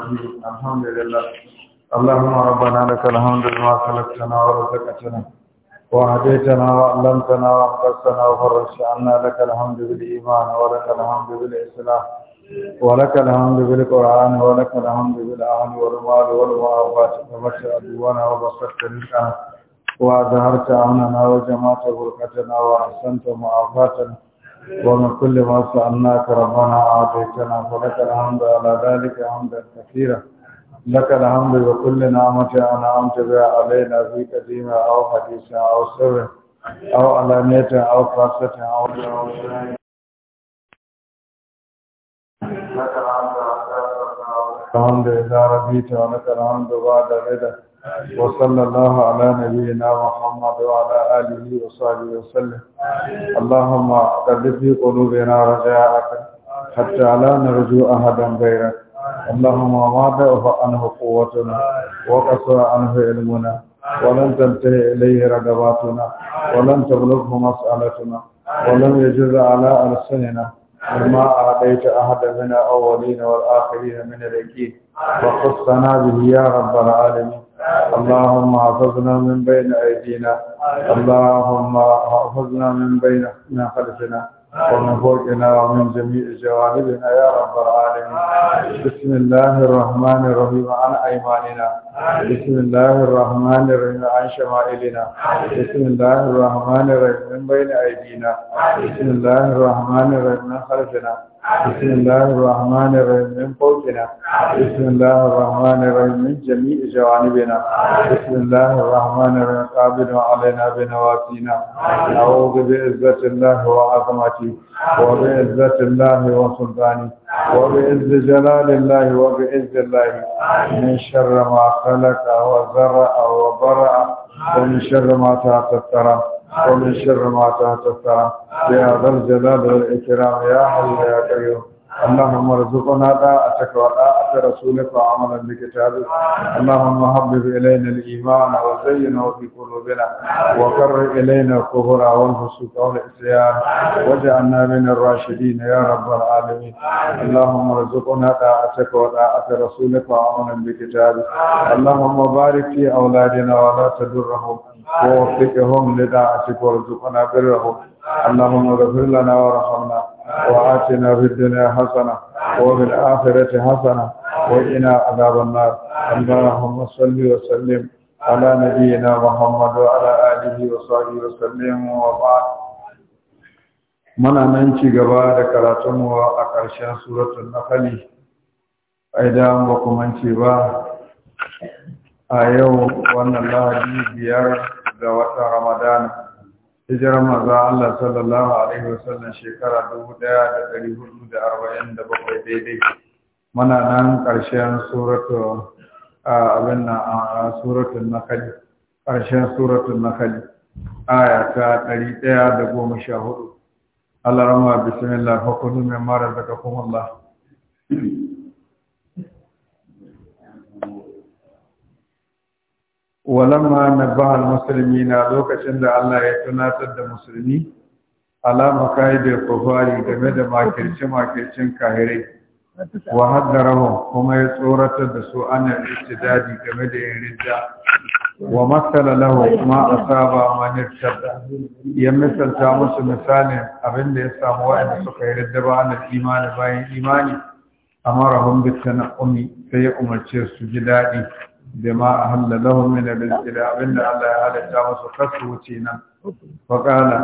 الرحيم الحمد لله اللهم ربنا لك الحمد لما خلقتنا ورزقتنا وهديتنا وعلمتنا وانقذتنا وفرجت عنا لك الحمد بالايمان ولك الحمد بالاسلام ولك الحمد بالقران ولك الحمد بالاهل والمال والمعافاه وبشر عدونا وبسطت رزقنا وازهرت امننا وجمعت بركتنا واحسنت معافاتنا ومن كل ما سألناك ربنا أعطيتنا فلك الحمد على ذلك حمدا كثيرا لك الحمد بكل نعمة أنعمت بها علينا في قديمة أو حديثة أو سر أو علانية أو خاصة أو دعوة لك الحمد إذا ربيت ولك الحمد بعد رضا وصلى الله على نبينا محمد وعلى آله وصحبه وسلم اللهم قد في قلوبنا رجاءك حتى لا نرجو أحدا غيرك اللهم ما ضعف عنه قوتنا وقصر عنه علمنا ولن تنتهي إليه رغباتنا ولن تبلغه مسألتنا ولن يجر على ألسننا وما أعطيت أحدا من الأولين والآخرين من الأكيد وخصنا به يا رب العالمين اللهم احفظنا من بين ايدينا اللهم احفظنا من بين خلفنا ومن فوقنا ومن جميع جوانبنا يا رب العالمين بسم الله الرحمن الرحيم عن ايماننا بسم الله الرحمن الرحيم عن شمائلنا بسم الله الرحمن الرحيم من بين ايدينا بسم الله الرحمن الرحيم من خلفنا بسم الله الرحمن الرحيم من فوقنا بسم الله الرحمن الرحيم من جميع جوانبنا بسم الله الرحمن الرحيم قابل علينا بنواسينا نعوذ بعزة الله وعظمته وبعزة الله وسلطانه وبعز جلال الله وبعز الله من شر ما خلق وزرع وبرأ ومن شر ما تحت ومن شر ما تحت يا ذا الجلال والإكرام يا حي يا قيوم اللهم ارزقنا طاعتك وطاعة برسولك وعملا بكتابك اللهم حبب إلينا الإيمان وزينه في قلوبنا وكره إلينا الكفر والفسوق والعصيان واجعلنا من الراشدين يا رب العالمين اللهم ارزقنا طاعتك وطاعة رسولك وعملا بكتابك اللهم بارك في أولادنا ولا تدرهم ووفقهم لطاعتك وارزقنا برهم اللهم اغفر لنا وارحمنا وآتنا في الدنيا حسنة وفي الآخرة حسنة وإنا عذاب النار اللهم صل وسلم على نبينا محمد وعلى آله وصحبه وسلم وبعد من ننشي gaba da karatunmu a ƙarshen suratul nahl idan ba ku mance ba a yau wannan lahadi biyar ga watan ramadan hijirar maza Allah sallallahu alaihi wasallam shekara 1447 daidai muna nan ƙarshen suratu na a suratun ƙarshen suratun nakali aya ta ɗari ɗaya da goma sha hudu Allah rama bismillah mai mara daga kuma Allah walamma nabahal musulmi na lokacin da Allah ya tunatar da musulmi alama kai da kofari game da makirce makircin kahirai wa haddarahu kuma ya tsoratar da su ana istidadi game da yin ridda wa masala lahu kuma asaba man irtada ya misalta musu misalin abinda ya samu wa'anda suka yi ridda ba na imani bayan imani amarahum bi tanqumi sai ya umarce su ji daɗi da ma ahalla lahum min rizqi da abinda Allah ya halatta musu kasu wuce nan fa qala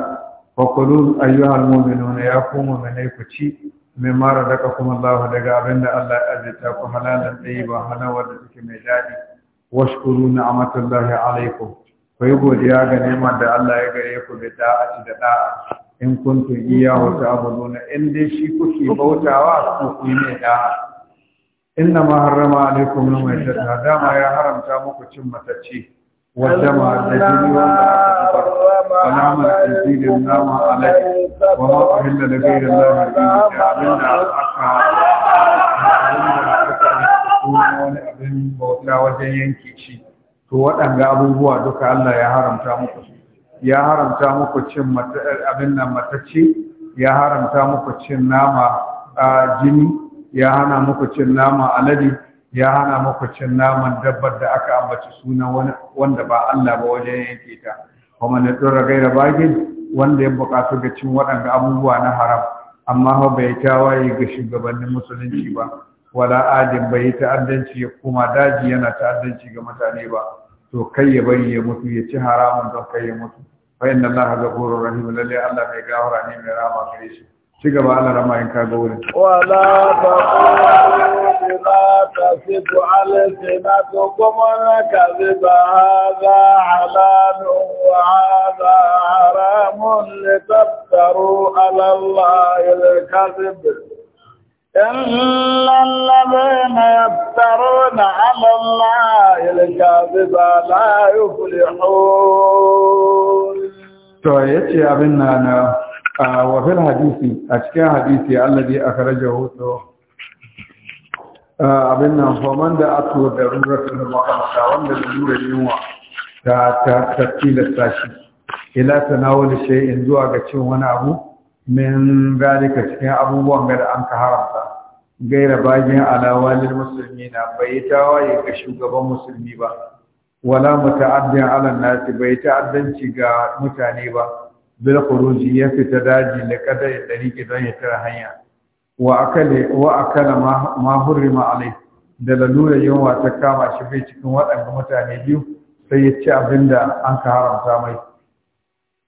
fa qulu ayyuhal mu'minuna ya ku mu'minai ku ci min mara daga kuma Allah daga abin da Allah ya azita ku halalan tsayi ba hana wanda take mai daɗi washkuru ni'matullahi alaikum ku yi godiya ga neman da Allah ya gare ku da da'a da da'a in kuntum iyyahu ta'buduna in dai shi kuke bautawa ku kuyi mai da'a inna ma harrama alaikum al-maytata dama ya haramta muku cin matacci. والدم الذي ونعم الخنزير النعم عليك وما أهل لغير الله به فعلنا الأقعى abin bauta wajen yanke shi to waɗanda abubuwa duka Allah ya haramta muku ya haramta muku cin abin nan matacce ya haramta muku cin nama jini ya hana muku cin nama alade ya hana muku cin naman dabbar da aka ambaci sunan wanda ba Allah ba wajen yanke ta kuma na tsora gaira bagin wanda ya bukatu ga cin waɗanda abubuwa na haram amma hau bai tawaye ga shugabannin musulunci ba wala adin bai yi ta'addanci kuma daji yana ta'addanci ga mutane ba to kai ya bari ya mutu ya ci haramun don kai ya mutu fa inna allaha ghafurur rahim lalle allah mai gafara ne mai rama gare shi ci gaba ala rama in ka wurin wala ta kuma ta sifu alisina to kuma na ba wa haramun a wafin hadisi a cikin hadisi allabi a karajar hoto abin nan faman da ato da rurratun makamata wanda da lura yunwa ta tattilasta shi ila ta nawali shay'in zuwa ga cin wani abu min zalika cikin abubuwan da anka ka haramta gaira bakin alawalin musulmi na bai tawaye ga shugaban musulmi ba wala muta'addin ala nasi bai ta'addanci ga mutane ba bil khuruji ya fita daji da kada ya ke don ya tara hanya wa akale wa akala ma hurima alai da lalura yawa ta kama shi bai cikin waɗanda mutane biyu sai ya ci abinda an ka haramta mai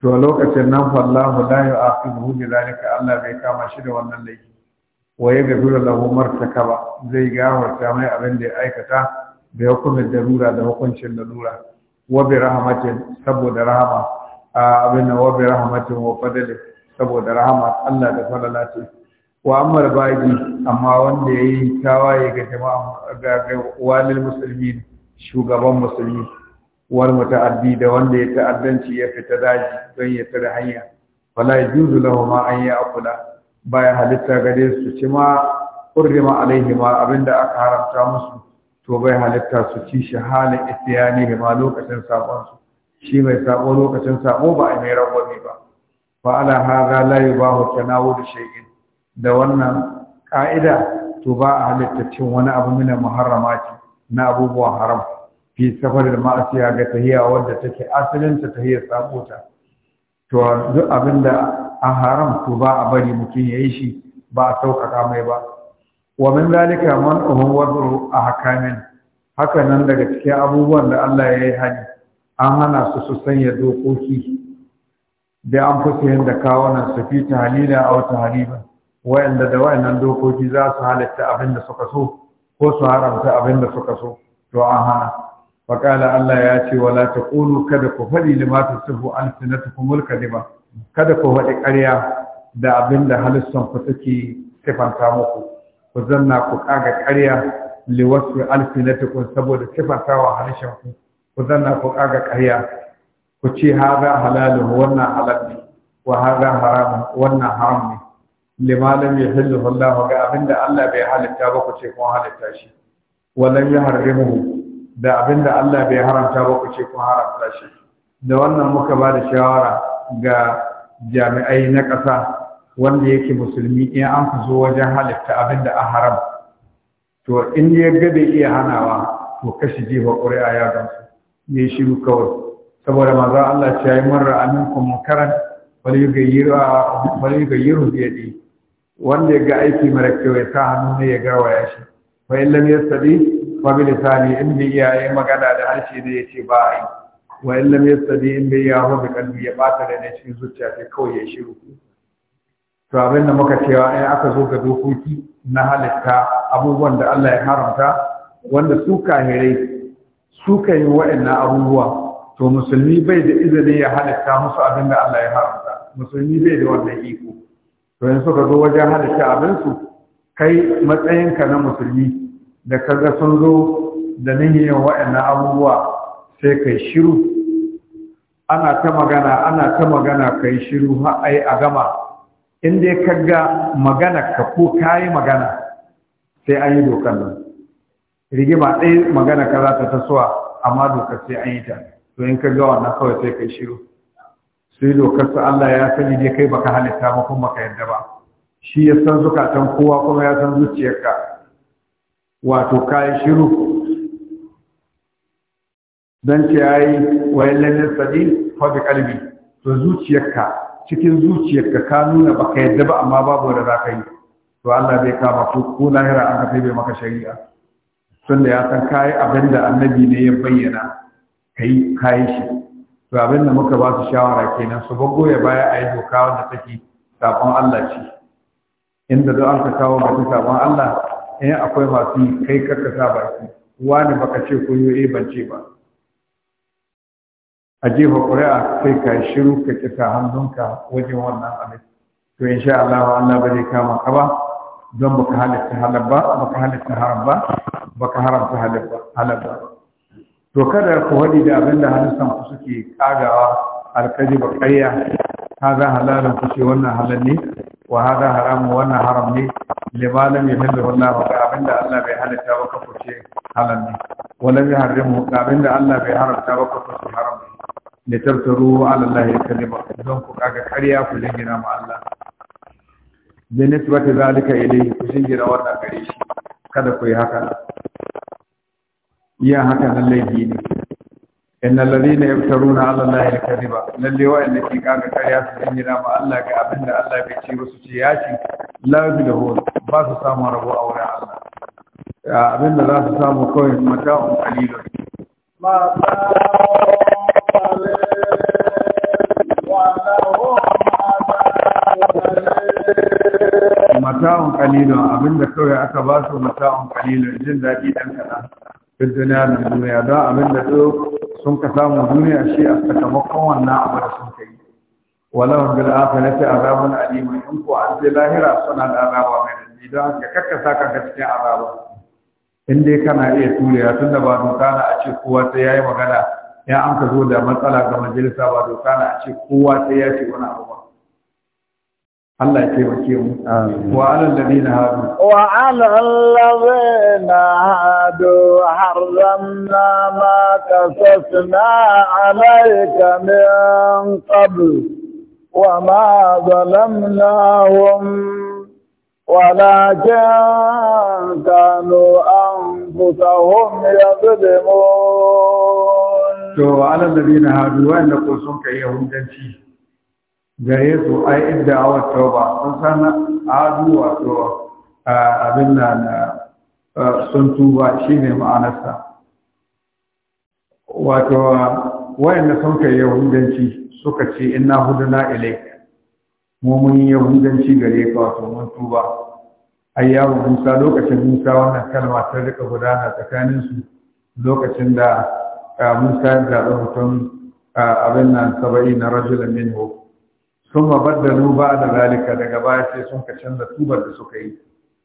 to lokacin nan fallahu la yu'aqibuhu bi zalika Allah bai kama shi da wannan laifi wa ya da lahu martakaba zai gawarta mai abin da ya aikata da hukumin darura da hukuncin lalura wa bi rahmatin saboda rahama abin wa bi rahmatin wa fadli saboda rahmat Allah da falala ce wa ammar bagi amma wanda yayi tawaye ga jama'a ga walil muslimin shugaban musulmi wal muta'addi da wanda ya ta'addanci ya fita daji don ya tare hanya wala yajuzu lahu ma an ya'kula baya halitta gare su ci ma urrima alaihi ma abinda aka haramta musu to bai halitta su ci shi halin itiyani ma lokacin sabon su shi mai sabo lokacin sabo ba a mai rangwame ba fa ala ba la yubahu da shay'in da wannan ka'ida to ba a halitta cin wani abu mina muharramati na abubuwan haram fi da ma'asiya ga tahiya wadda take asalin ta tahiyar sabota to duk abinda a haram to ba a bari mutum ya yi shi ba a sauƙaƙa mai ba wa min zalika man uhum a ahkamin haka nan daga cikin abubuwan da Allah ya yi hani an hana su su sanya dokoki da an fi sayan da kawunan su fi ta halila a wata hariba wayanda da wayannan dokoki za su halitta abin da suka so ko su haramta abin da suka so to an hana faƙala Allah ya ce wala ta ƙunu kada ku faɗi limata sufu an sinatukum mulka kada ku faɗi ƙarya da abin da halittar ku take sifanta muku ku zanna ku ƙaga ƙarya liwasu alfinatukum saboda sifanta wa ku ku zanna ku kaga ƙarya ku ce haza halalu wannan halal ne wa haza haram wannan haram ne lima ya Allah ga abinda Allah bai halitta ba ku ce kun halitta shi wannan ya yuharrimuhu da abinda Allah bai haramta ba ku ce kun haramta shi da wannan muka ba da shawara ga jami'ai na ƙasa wanda yake musulmi in an fi zo wajen halitta abinda a haram to in ya ga bai iya hanawa to kashi jefa ƙuri'a ya gamsu ya shiru kawai saboda maza Allah ce ya yi marar aminku karan wani yugayyiru biya ɗi wanda ya ga aiki mara kyau ya sa hannu ne ya gawa ya shi wa illam ya sabi bi lisani in bi iya yi magana da harshe ne ya ce ba a yi wa illam ya in bi iya bi kalbi ya bata da ne cikin zuciya sai kawai ya shiru to abin da muka cewa in aka zo ga dokoki na halitta abubuwan da Allah ya haramta wanda su kahirai su ka yi waɗannan abubuwa to musulmi bai da izini ya halitta musu abin da Allah ya haramta musulmi bai da wannan iko to in suka zo wajen halitta abin su, kai matsayinka na musulmi da kaga sun zo da niyyar waɗannan abubuwa sai kai shiru ana ta magana ana ta magana kai shiru har ai a gama in dai kaga magana ka ko kayi magana sai an yi dokan nan rigima ɗaya magana ka za ta tasowa amma dokar sai an yi ta to in ka ga wannan kawai sai kai shiru sai dokar su Allah ya sani dai kai baka halitta ba kuma baka yadda ba shi ya san zukatan kowa kuma ya san zuciyarka wato kayan shiru dan ce wa wayan lalle sadi fa kalbi to zuciyarka cikin zuciyarka ka nuna baka yadda ba amma babu da ka yi to Allah bai kama ku ko lahira an ka bai maka shari'a tunda ya san kayi abin da annabi ne ya bayyana kai kayi shi to abinda muka ba su shawara kenan su bago ya baya a yi doka wanda take sabon Allah ce inda don an kawo batun sabon Allah in akwai masu yi kai sa baki wani baka ce ko yi eh, ban ce ba a jefa ƙuri'a sai ka shiru ka kisa hannunka wajen wannan abin to insha Allah Allah ba zai kama ka ba don baka halitta halar ba baka halitta haram ba baka haramta halar ba to kada ku wadi da abin da halittar ku suke kagawa alkaji ba ha haza halalin ku ce wannan halal ne wa haza haramun wannan haram ne limalam ya hillu wallah ba abin da Allah bai halitta ba ka ku halal ne wala ya harimu abin da Allah bai haramta ba ka kuce haram ne litartaru ala Allah ya kalima don ku kaga ƙarya ku jingina ma Allah bi nisbati zalika ilayhi ku shingira wannan gare shi kada ku yi haka iya haka nan laifi ne inna alladhina yaftaruna ala allahi al-kadhiba lalle wa'anda ke kaga karya su sun yira ma Allah ga abinda Allah bai ce musu ce ya ce la yuzlahu ba su samu rabo a wurin Allah abinda za su samu kawai mata'un qalilun ma ta'ala mata'un qalilun abinda kawai aka ba su mata'un qalilun jin daɗi ɗan kaɗan duk duniya da duniya don abinda su sun ka samu duniya shi a sakamakon wannan abu da sun kai walau bil akhirati azabun alim in ku an ce lahira suna da azaba mai dadi don ka kakkasa ka ga cikin azaba in dai kana iya turewa tunda ba doka na a ce kowa sai ya yi magana ya an ka zo da matsala ga majalisa ba doka na a ce kowa sai ya ce wani abu ba Allah ya taimake mu wa alal ladina hadu wa alal ladina hadu harzamna ma kasasna alaika min qabl wa ma zalamnahum ولكن كانوا أنفسهم يظلمون. وعلى الذين هادوا وإن كنتم كيهودين gare su ai idda awa tauba sun san adu wato abin da na sun tuba shine ma'anarsa wato wayanda sun kai yahudanci suka ce ina huduna ilaik mu mun yi yahudanci gare ka wato mun tuba ayyawo musa lokacin musa wannan kalma ta rika gudana tsakanin su lokacin da musa ya zaɓi mutum abin nan saba'i na rajulan minhu sun mabaddalu ba da zalika daga baya sai sun ka canza tubar da suka yi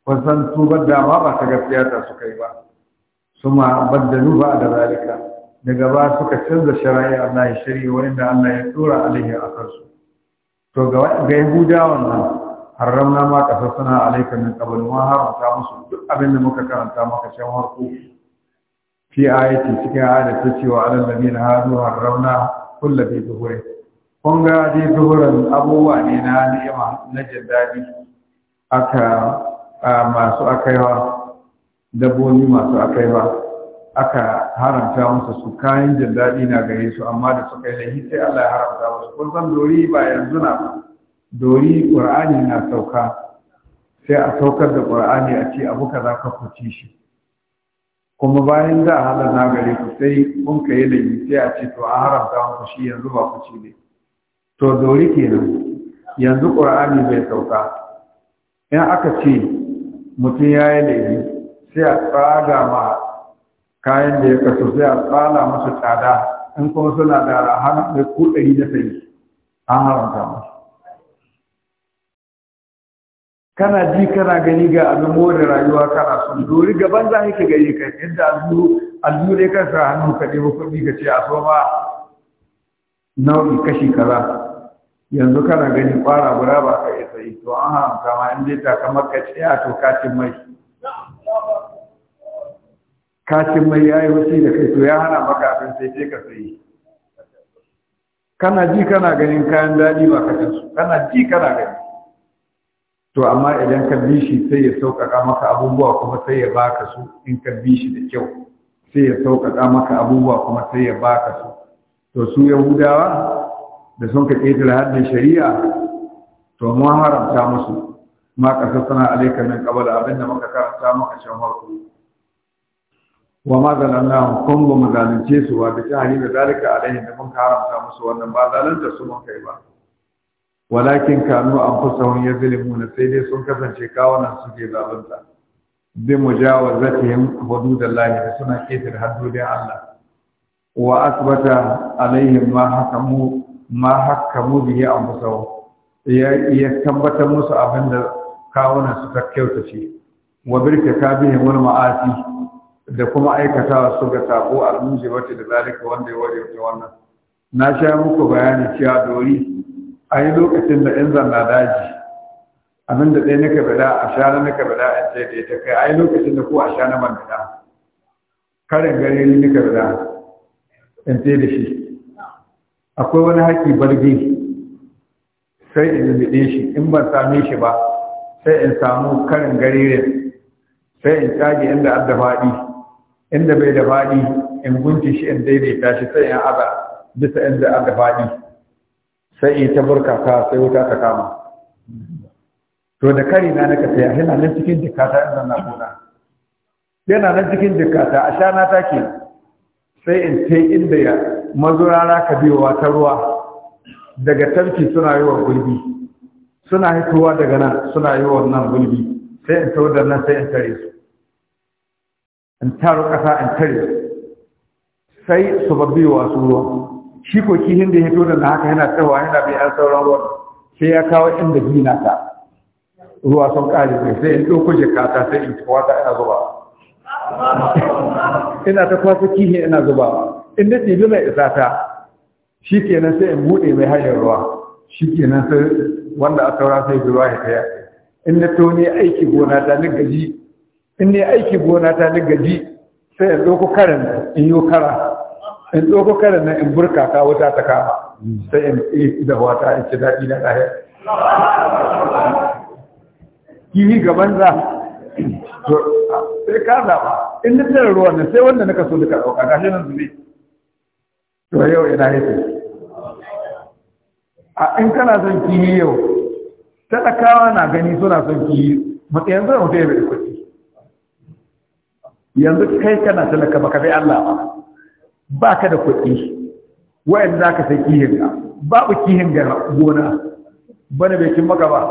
kun san tubar da ma ba ta gaskiya ta suka yi ba sun mabaddalu ba da zalika daga baya suka canza shari'a Allah ya shari'a wanda Allah ya dora alaihi a kansu to ga ga wannan, nan haramna ma kasassana alaika min qabl ma haramta musu duk abin da muka karanta maka can harko fi ayati cikin ayati cewa alal ladina hadu haramna kullu bi dhuhuri Kunga ji duhurin abubuwa ne na ni'ima na jin daɗi aka masu akaiwa dabbobi masu akaiwa aka haramta musu su kayan jin daɗi na gare su amma da suka yi lahi sai Allah ya haramta musu kun san dori ba yanzu na ba dori ƙur'ani na sauka sai a saukar da ƙur'ani a ce abu kaza ka kuci shi kuma bayan da halar na gare ku sai kun ka yi lahi sai a ce to a haramta musu shi yanzu ba ku ci ne to dori kenan yanzu ƙur'ani bai sauka in aka ce mutum ya yi laifi sai a tsada ma kayan da ya kaso sai a tsala musu tsada in kuma suna da rahama mai kudari na sai an haramta musu kana ji kana gani ga abin more rayuwa kana son dori gaban za ka gani ka yadda allu ka sa hannu ka ɗebo kuɗi ka ce a so nau'i kashi kaza yanzu kana gani kwara guda ba ka iya sa'i. to an haramta ma in dai takamar ka tsaya to kacin mai kacin mai ya yi wuce da kai to ya hana maka abin sai sai ka sayi kana ji kana ganin kayan daɗi ba ka su kana ji kana gani to amma idan ka bi shi sai ya sauƙaƙa maka abubuwa kuma sai ya baka su in ka bi shi da kyau sai ya sauƙaƙa maka abubuwa kuma sai ya baka su to su yahudawa da sun ka ƙetare haddin shari'a to mu haramta musu ma ƙasa suna alaika min qabala abinda muka karanta maka can farko wa ma zalanna kun ba mu zalunce su ba da jahili da zalika alaihi da mun haramta musu wannan ba zalunta su mun kai ba walakin kanu an wani zile muna, sai dai sun kasance kawunan suke zalunta bi mujawazatihim hududallahi suna ƙetare haddodin Allah wa asbata alaihim ma hakamu ma hakamu bihi anfusahum ya ya tabbatar musu abin da kawuna su ta ce. wa birka kabihi wal ma'asi da kuma aikata su ga sako almuji wata da zalika wanda ya waje wannan na sha muku bayani cewa dori a yi lokacin da in zanna daji abin da ɗaya naka bada a shana naka bada a ce da ita kai a yi lokacin da ko a shana man bada karin gari naka bada in ce da shi akwai wani haƙƙi barbe sai in lulluɗe shi in ban same shi ba sai in samu karin garirin sai in tsage inda an da faɗi inda bai da faɗi in gunci shi in daidaita shi sai in aza bisa inda an da faɗi sai in ta burkaka sai wuta ta kama to da kari na naka sai yana nan cikin jikata in na gona yana nan cikin jikata a shana take sai in tai inda ya mazurara ka biyowa ta ruwa daga tarki suna yi wa gulbi suna hitowa daga nan suna yi wa nan gulbi sai in tau da nan sai in tare su in taro ƙasa in tare su sai su babbi wa su ruwa shi ko kihin da ya hito da na haka yana tsawa yana bai an sauran ruwa sai ya kawo inda gina ta ruwa sun ƙare mai sai in ɗauko jikata sai in kwata ina zuba ina ta kwasa kihin ina zubawa Inda da ɗibi mai isa ta shi kenan sai in buɗe mai hanyar ruwa shi kenan sai wanda a saura sai bi ruwa ya taya in na to ne aiki gona ta ni gaji in ne aiki gona ta ni gaji sai in ɗauko karin in yi kara in ɗauko karin nan in burka ka wuta ta kama sai in ɗi da wata in ci daɗi na ɗaya kihi gaban za sai ka zaɓa in na tsere ruwan nan sai wanda na kaso duka ɗauka gashi nan zube to yau ina yake a in kana son kiyi yau talakawa na gani suna son kiyi matsayin yanzu mutu ya bai kuɗi yanzu kai kana talaka baka bai Allah ba ba ka da kuɗi wayan za ka sai kihin ka babu kihin ga gona bane bai kin maka ba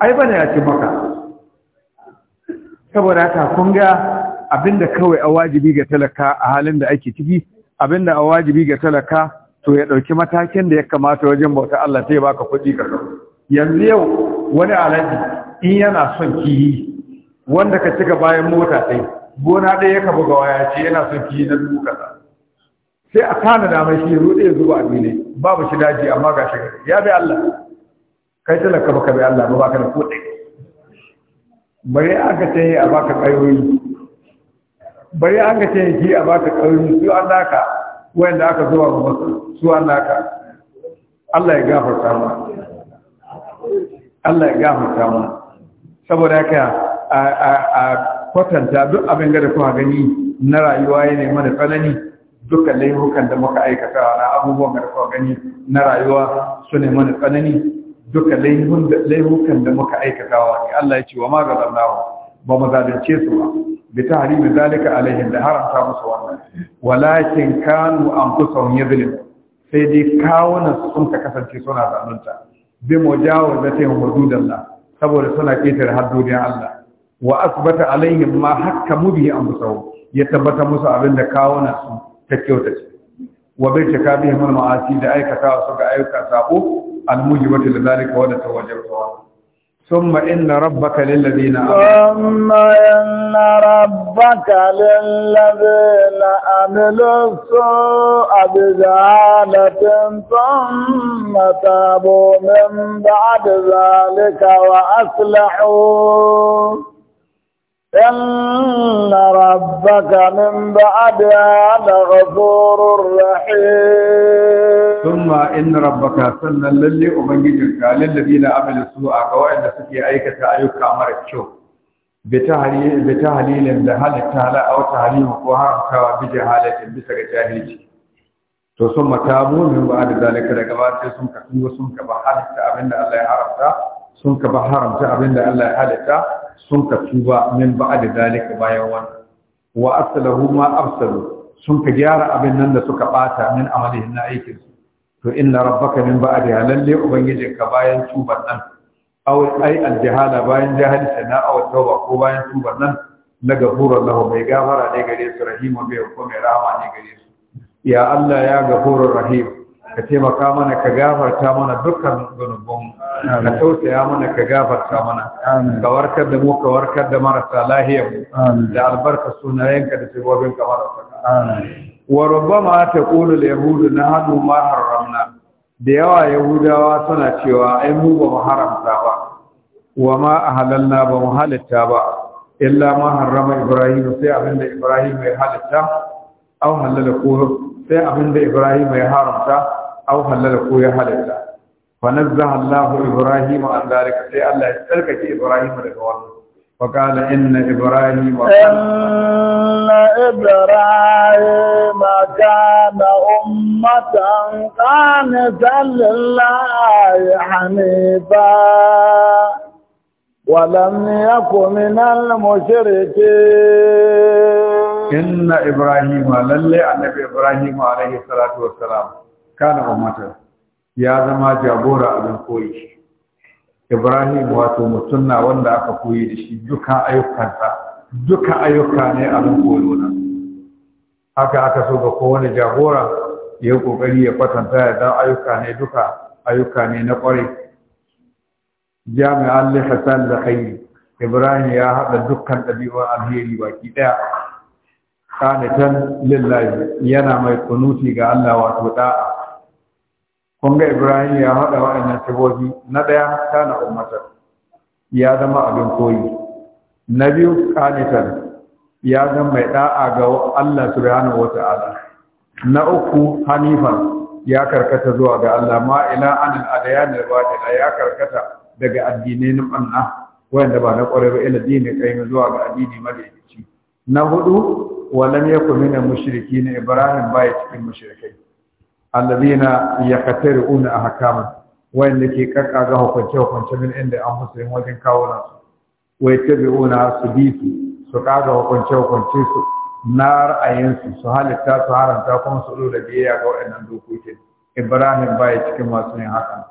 ai bane ya kin maka saboda haka kun ga abinda kawai a wajibi ga talaka a halin da ake ciki abinda a wajibi ga talaka to ya ɗauki matakin da ya kamata wajen bauta Allah sai baka kuɗi ka yanzu yau wani alaji in yana son kiyi wanda ka cika bayan mota sai gona ɗaya ya buga waya ce yana son kiyi na dubu kaza sai a kana da mai shi ruɗe ya zuba a ne babu shi daji amma ga shi ya bi Allah kai talaka baka bi Allah ba baka da kuɗi an ka ce a baka ƙayoyi an ka ce ki a baka ƙayoyi su an naka wanda aka zuwa ga masu su an naka Allah ya gafarta mu Allah ya gafarta mu saboda haka a a kwatanta duk abin gada kuma gani na rayuwa ya yana mana tsanani dukkan laifukan da muka aikata na abubuwan gada kuma gani na rayuwa su ne mana tsanani duka laifukan da muka aikatawa ne Allah ya ce wa ma nawa ba mu zalunce su ba bi tahrimi zalika alaihim da haramta musu wannan walakin kanu anfusahum yadhlim sai dai kawunan sun ka kasance suna zalunta bi da Allah saboda suna ƙetar haddodin Allah wa asbata alaihim ma hakka mubi anfusahum ya tabbata musu abin da kawunan sun ta kyautace wa bai ta kabi himar ma'asi da aikatawa su ga ayyuka sabo الموجبة لذلك ولا توجبتها ثم إن ربك للذين آمنوا ثم إن ربك للذين آمنوا السوء بجهالة ثم تابوا من بعد ذلك وأصلحوا إن ربك من بعدها لغفور رحيم ثم إن ربك سنة للي أبنجيك للذين عملوا سوء قوائد سكي أيكة أيك أمر الشوء بتهليل لهل التهلاء أو تهليل وهرم كوا بجهالة بسك جاهلتي to sun matabu min ba da zalika daga ba sai sun ka kungo sun ka ba halitta abinda Allah ya haramta sun ka ba haramta abinda Allah ya halitta sun ka tuba min ba'da zalika bayan wannan wa afsalahu ma afsalu sun ka gyara abin nan da suka bata min amalihin na aikin su to inna rabbaka min ba'da lalle ubangijin ka bayan tuban nan aw ai aljahala bayan jahalta na aw tauba ko bayan tuban nan na gafura lahu mai gafara ne gare su rahimu bai ko mai rahama ne gare su ya Allah ya gafurar rahim ka taimaka mana ka gafarta mana dukkan zunubanmu ka tausaya mana ka gafarta mana ka warkar da mu ka warkar da marasa lahiyar mu da albarka yanka da sibobin ka marasa wa ta taqulu al-yahudu nahnu ma haramna. da yawa yahudawa suna cewa ai mu ba mu haramta ba wa ma ahalalna ba mu halitta ba illa ma harrama ibrahim sai abinda ibrahim ya halitta Au halala ko sai abinda ibrahim ya haramta Au halala ko ya halitta فنزه الله إبراهيم عن ذلك سي الله يسألك إبراهيم رضوان وقال إن إبراهيم إن إبراهيم كان أمة قانتا لله حنيفا ولم يكن من المشركين إن إبراهيم للي النبي إبراهيم عليه الصلاة والسلام كان أمة ya zama jagora abin koyi ibrahim wato mutum na wanda aka koyi da shi duka ayyukansa duka ayyuka ne abin koyo na haka aka so ga kowane jagora ya kokari ya kwatanta ya zama ayyuka ne duka ayyuka ne na kwarai jami'an lihasan da kai ibrahim ya haɗa dukkan ɗabi'un alheri baki ɗaya tan lillahi yana mai kunuti ga Allah wato da'a Kunga ibrahim ya haɗa waɗannan sifofi na ɗaya kana ummatar ya zama abin koyi na biyu qanitan ya zama mai ɗa'a ga Allah subhanahu na uku Hanifa ya karkata zuwa ga Allah ma ila anil adyan batila ya karkata daga addinai na banna wanda ba na ƙwarai ba ila dini kai zuwa ga addini madaidaici na hudu walam yakun min na ibrahim baya cikin mushrikai allazina yakatari'una Wayan wanda ke karka ga hukunce hukunce min inda an musulmi wajen kawo na su wai tabi'una su bi su su kaga hukunce hukunce su na ra'ayinsu su halitta su haranta kuma su da biyayya ga waɗannan dokokin ibrahim baya cikin masu yin haka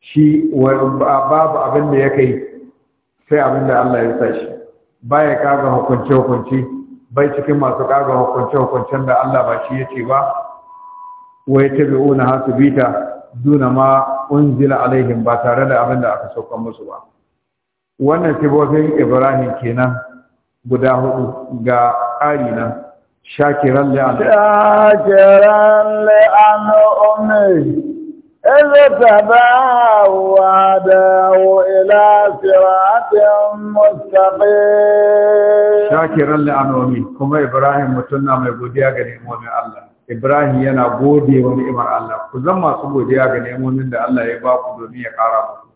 shi babu abin da ya kai sai abin da allah ya sa shi baya kaga hukunce hukunce bai cikin masu kaga hukunce hukuncen da allah ba shi ya ce ba wa yattabi'una hasbita duna ma unzila alaihim ba tare da abin da aka saukan musu ba wannan sifofin Ibrahim kenan guda hudu ga ƙari nan shakiran li'an da li'an ummi إذ تباه وعداه إلى صراط مستقيم شاكرا لأنومي كما mai godiya مبوديا قريم ومن Allah. ibrahim yana gode wa ni'imar Allah ku zan masu godiya ga nemomin da Allah ya baku domin ya kara muku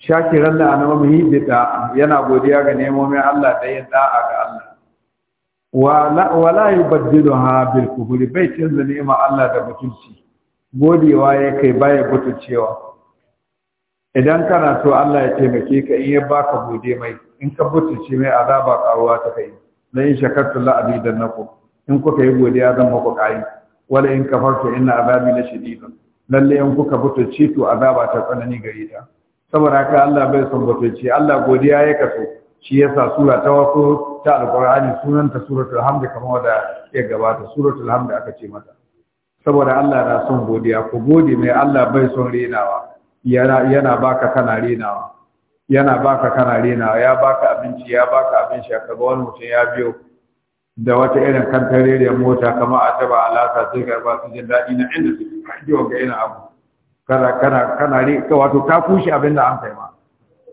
shakiran da annabi bid'a yana godiya ga nemomin Allah da ya da'a ga Allah wala wala yubaddiluha bil kufri bai canza ni'imar Allah da mutunci godewa ya kai baya gutucewa idan kana so Allah ya taimake ka in ya baka gode mai in ka butunce mai azaba karuwa ta kai la in shakartu la naku. in kuka yi godiya zan muku ƙari wala in kafartu inna azabi la shadidun lalle in kuka ci to azaba ta tsanani gare ta saboda haka Allah bai son batoci, Allah godiya ya kaso shi yasa sura ta wasu ta alqur'ani sunanta suratul hamd kamar wanda ya gabata suratul hamd aka ce mata saboda Allah na son godiya ku gode mai Allah bai son renawa yana yana baka kana renawa yana baka kana renawa ya baka abinci ya baka abin sha kaga wani mutum ya biyo da wata irin rediyon mota kama a taba alasa sai karba su jin daɗi na inda su ji ga ina abu kana kana kana ri ka wato ka kushe abin da an kai ma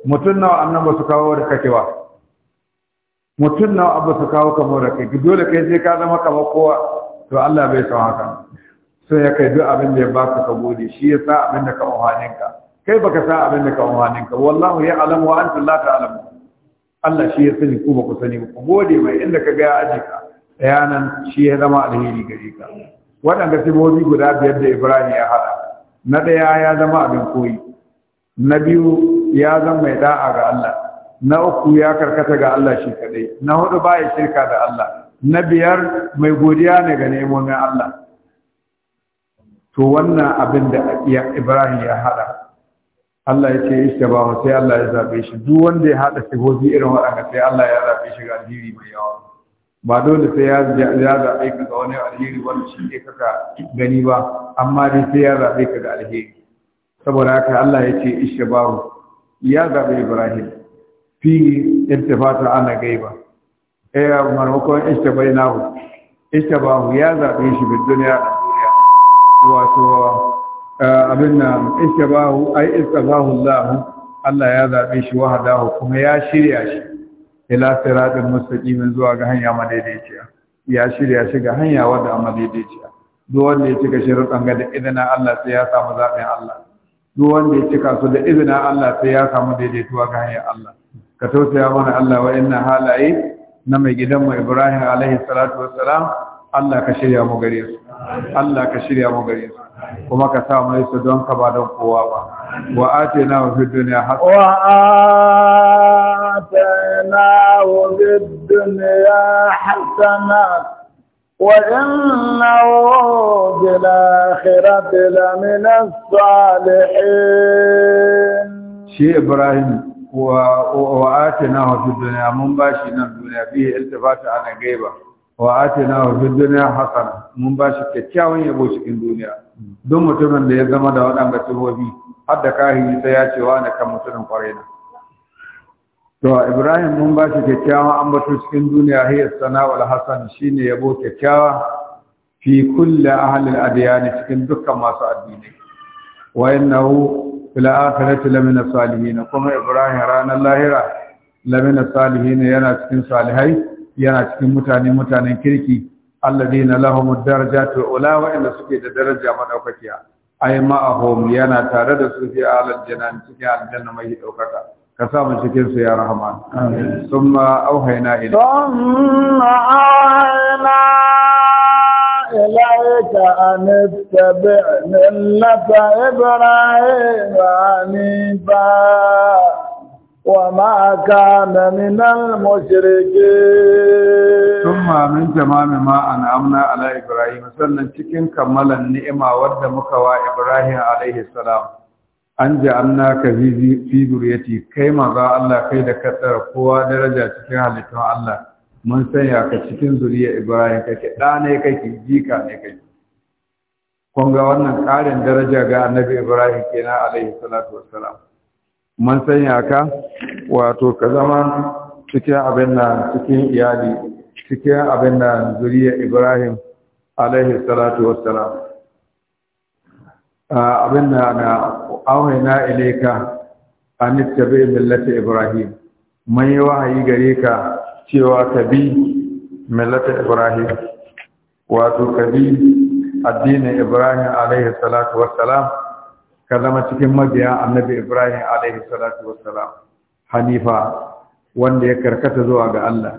mutum nawa annan ba su kawo da wa mutum nawa abu su kawo kamar da kai dole kai sai ka zama kamar kowa to Allah bai san haka sai ya kai duk abin da ya baka ka gode shi ya sa abin da ka umarnin kai baka sa abin da ka umarnin wallahu ya alamu wa anta la ta'lamu Allah shi ya sani ko baka sani ba ku gode mai inda ka ga aji ka bayanan shi ya zama alheri gare ka waɗanda sibobi guda biyar da Ibrahim ya haɗa na ɗaya ya zama abin koyi na biyu ya zama mai da'a ga Allah na uku ya karkata ga Allah shi kadai na hudu baya shirka da Allah na biyar mai godiya ne ga neman Allah to wannan abin da Ibrahim ya haɗa Allah ya ce ba sai Allah ya zabe shi duk wanda ya hada sifofi irin waɗanda sai Allah ya zabe shi ga alheri mai yawa ba dole sai ya zaɓe zabe ka ga wani alheri wanda shi ne kaka gani ba amma dai sai ya zabe ka ga alheri saboda haka Allah ya ce ishtabahu ya zabe Ibrahim fi intifata ana gaiba eh marmakon ishtabainahu ishtabahu ya zabe shi bid duniya wato abin na hu ai hu Allah Allah ya zabe shi hu kuma ya shirya shi ila siratin mustaqimin zuwa ga hanya madaidaiciya ya shirya shi ga hanya wadda madaidaiciya duk wanda ya cika shirin ga da idina Allah sai ya samu zaɓin Allah duk wanda ya cika su da idana Allah sai ya samu daidaituwa ga hanya Allah ka tausaya mana Allah wa inna halaye na mai gidan mu Ibrahim alaihi salatu wassalam Allah ka shirya mu gare su Allah ka shirya mu gare su kuma ka sa mai su don ka ba don kowa ba wa atina wa fid dunya hasana wa atina wa fid dunya hasana wa innahu bil akhirati lamin as-salihin shi Ibrahim wa atina wa fid dunya mun bashi nan duniya bi iltifata ana gaiba wa atina wa fid dunya hasana mun ba shi kyakkyawan yabo cikin duniya don mutumin da ya zama da waɗanda sifofi har da kahiri sai ya ce wa na kan mutumin kwarai na to ibrahim mun ba shi kyakkyawan ambato cikin duniya hiya sana wal hasan shine yabo kyakkyawa fi kulli ahli al adyan cikin dukkan masu addini wa innahu fil akhirati lamina salihin kuma ibrahim ranar lahira lamina Salihina yana cikin salihai yana cikin mutane mutanen kirki alladina lahum darajatul ula wa inda suke da daraja madaukakiya ai ma ma'ahum yana tare da su fi alal janan cikin aljanna mai daukaka ka sa mu cikin su ya rahman amin summa auhayna ila summa auhayna إليك أن اتبع ملة إبراهيم عنيفا وما كان من المشركين ثم من تمام ما أنعمنا على إبراهيم سنن cikin kammalan ni'ima wadda muka wa Ibrahim alaihi salam an anna ka fi duriyati kai maza Allah kai da ka tsara kowa daraja cikin halittun Allah mun sanya ka cikin zuriya Ibrahim kake da ne kake jika ne kake kun ga wannan ƙarin daraja ga annabi Ibrahim kenan alaihi salatu wassalam mun sanya ka wato ka zama cikin abin da cikin iyali cikin abin da zuriya Ibrahim alaihi salatu wassalam abin da na auhayna ileka an tabi millati Ibrahim mun yi wahayi gare ka cewa ka bi millati Ibrahim wato ka bi addinin Ibrahim alaihi salatu wassalam ka zama cikin mabiya annabi Ibrahim alaihi salatu wassalam hanifa wanda ya karkata zuwa ga Allah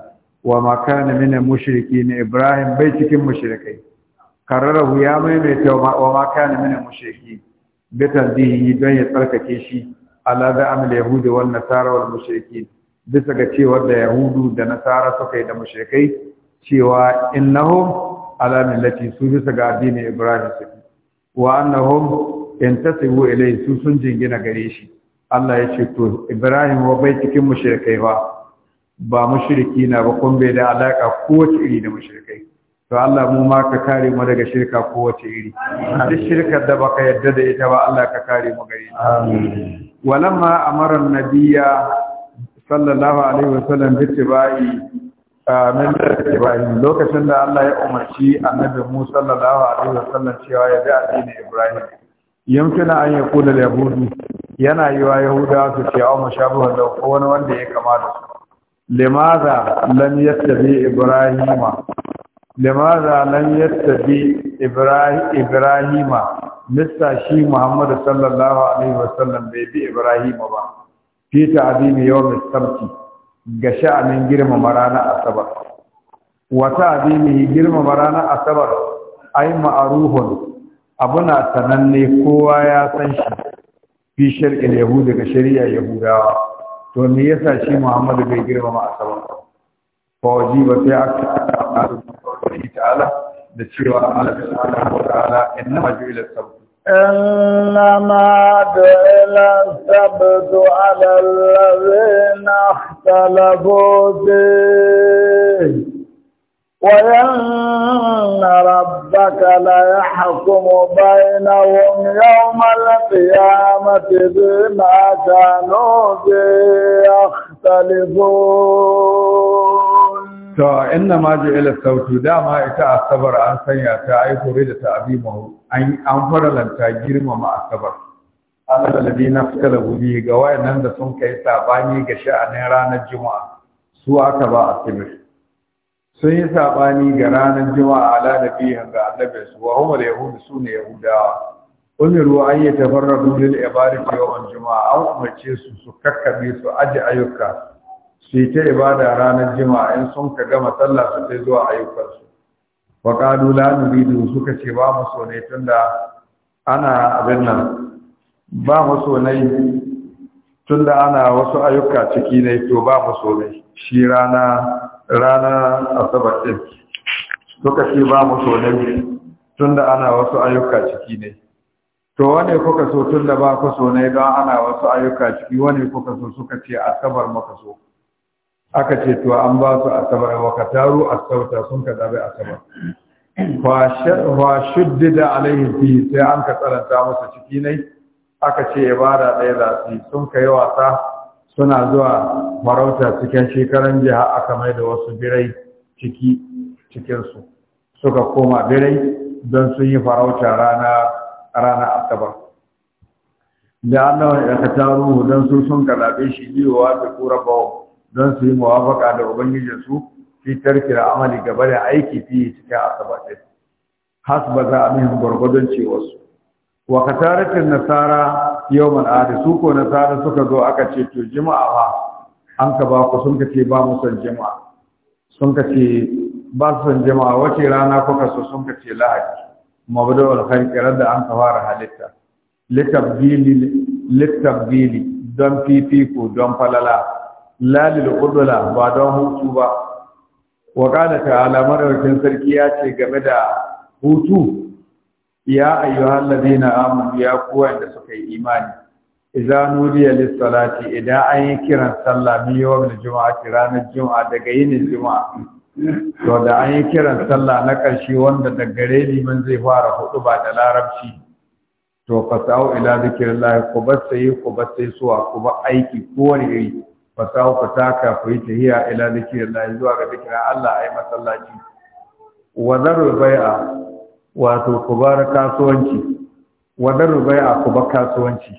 wa ma kana mushriki ne Ibrahim bai cikin mushrikai kararahu ya maimaita wa ma kana min mushriki bi tadhihi don ya tsarkake shi ala da amal yahudi wal nasara wal mushrikin bisa ga cewar da yahudu da nasara suka yi da mushrikai cewa innahum ala millati su bisa ga addinin Ibrahim suke wa annahum in tsibu ilai su sun jingina gare shi Allah ya ce to Ibrahim wa bai cikin mushrikai ba ba mushriki na ba kun bai da alaka kowace iri da mushrikai to Allah mu ma ka kare mu daga shirka kowace iri duk shirkar da baka yarda da ita ba Allah ka kare mu gare shi amin walamma amara nabiyya sallallahu alaihi wasallam bi tibai da tibai lokacin da Allah ya umarci annabi Musa sallallahu alaihi wasallam cewa ya bi addinin Ibrahim yamkina an yakuna da yahudu yana wa yahuda su ce aw mashabuhan law ko wani wanda ya kama da su limaza yadda bi ibrahima limaza yadda bi ibrahima mista shi muhammad sallallahu alaihi wasallam bai bi ibrahima ba fi ta'zimi yawm as-sabti ga sha'anin girmama ranar asabar wa ta'zimi girmama ranar asabar ay ma'ruhun abu na sananne kowa ya san shi fi shar'il yahudi daga shari'a yahudawa to me yasa shi muhammadu bai girmama asabar fa wajiba sai aka ta'ala da cewa Allah subhanahu wa ta'ala innama ju'ila sabtu إنما جعل السبت على الذين اختلفوا فيه وإن ربك ليحكم بينهم يوم القيامة بما كانوا يختلفون to inna ma ju'ila dama ita asabar an sanya ta ai kore da ta'abimahu an an faralanta girmama asabar Allah ladina fakala bi ga wayannan da sun kai saɓani sabani a sha'anin ranar juma'a su aka ba asibir sun yi saɓani ga ranar juma'a ala nabiyin ga su, wa Umar yahudu su ne yahudawa umiru an yi tafarradu lil da yawan juma'a an umarce su su kakkabe su aji ayyuka su yi ta ibada ranar juma'a in sun ka gama sallah su sai zuwa ayyukansu wa qalu la nuridu suka ce ba mu so ne tunda ana abin nan ba mu so ne tunda ana wasu ayyuka ciki ne to ba mu so ne shi rana Rana asabar ɗin suka ce ba mu so na tun da ana wasu ayyuka ciki ne to wane kuka so tun da ba ku so ne don ana wasu ayyuka ciki wane kuka so suka ce asabar maka so aka ce to an ba su asabar wa ka taru asabta sun ka zabi asabar wa shuddida alaihi fi sai an ka tsaranta musu ciki ne aka ce ibada ɗaya za su sun ka yi wasa suna zuwa farauta cikin shekaran jiha aka mai da wasu birai ciki cikinsu suka koma birai don sun yi farauta rana rana asabar da annawan ya ka taru don su sun kalabe shi biyowa da kura bawo don su yi mawafaka da ubangijinsu fi tarkira amali gaba da aiki fi cikin asabar ɗin ba za a mihin gwargwadon su. wa tarikin nasara yawman ahad su ko nasara suka zo aka ce to jima'a ba an ka ba ku sun ka ce ba mu son jima'a sun ka ce ba su son jima'a wace rana kuka so sun ka ce lahadi mabda wal da an ka fara halitta litabdili bili, don fifiko don falala lalil udula ba don hutu ba wa qala ta'ala madaukin sarki ya ce game da hutu ya ayyuhal na amanu ya kuwa da suka yi imani idza nudiya idan an yi kiran sallah min yawmil jumu'ati ranar juma'a daga yinin juma'a to da an yi kiran sallah na ƙarshe wanda da gare liman zai fara hudu ba da larabci to fasau ila zikrillah ku basayi ku basai suwa ku ba aiki ko wani iri fasau ku taka ku yi tahiya ila zikrillah zuwa ga zikirin Allah ai masallaci wa zarul bai'a wato ku bar kasuwanci wadar rubai ku bar kasuwanci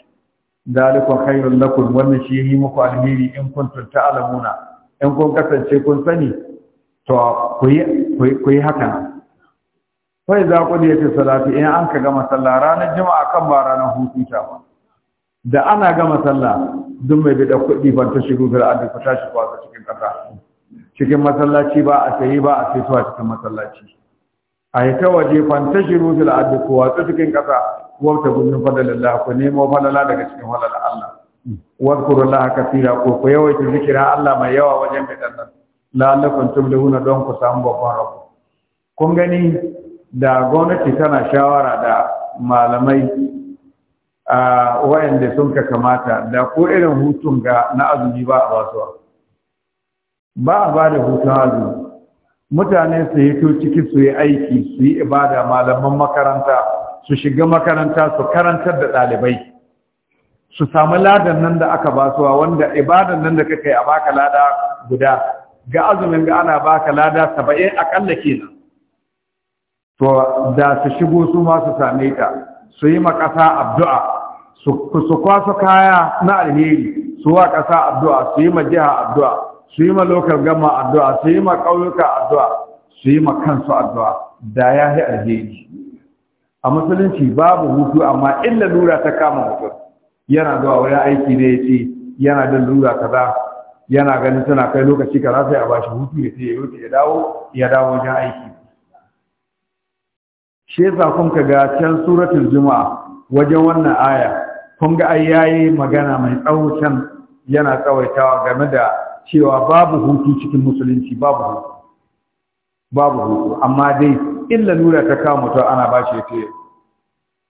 dalikon khairul lakum wannan shi yi muku alheri in kuntum ta'lamuna in kun kasance kun sani to ku yi ku Kai za ku idza ce salatu in an ka gama sallah ranar juma'a kan ba ranar hutu ta ba da ana gama sallah duk mai bida kuɗi ban ta shigo gara an ku tashi kwa cikin ƙasa cikin masallaci ba a sayi ba a a cikin masallaci a yi ta waje fanta shiru fil ardi ku watsu cikin ƙasa wata gudun fadalallah ku nemo falala daga cikin falala Allah wadkuru Allah kafira ko ku yawaita zikira Allah mai yawa wajen bidan nan la'allakum tuflihuna don ku samu babban rabo kun gani da gwamnati tana shawara da malamai a da sun ka kamata da ko irin hutun ga na azumi ba a basuwa ba a ba da hutun azumi mutane su hito ciki su yi aiki su yi ibada malaman makaranta su shiga makaranta su karantar da ɗalibai su samu ladan nan da aka basuwa wanda ibadan nan da kake a baka lada guda ga azumin ga ana baka lada saba'in akalla kenan to da su shigo su ma su same ta su yi makasa addu'a su kwaso kaya na alheri su wa ƙasa addu'a su yi majiha addu'a su yi ma gama addu'a su yi ma ƙauyuka addu'a su yi ma kansu addu'a da ya yi alheri a musulunci babu hutu amma inda lura ta kama mutum yana zuwa wurin aiki ne ya ce yana da lura ta za yana ganin suna kai lokaci kaza yi a bashi hutu ya ce ya dawo ya dawo wajen aiki shi yasa kun ka ga can suratul juma'a wajen wannan aya kun ga ai yayi magana mai tsawo can yana tsawaitawa game da cewa babu hutu cikin musulunci babu hutu babu hutu amma dai illa nura ta kawo mutum ana ba shi ce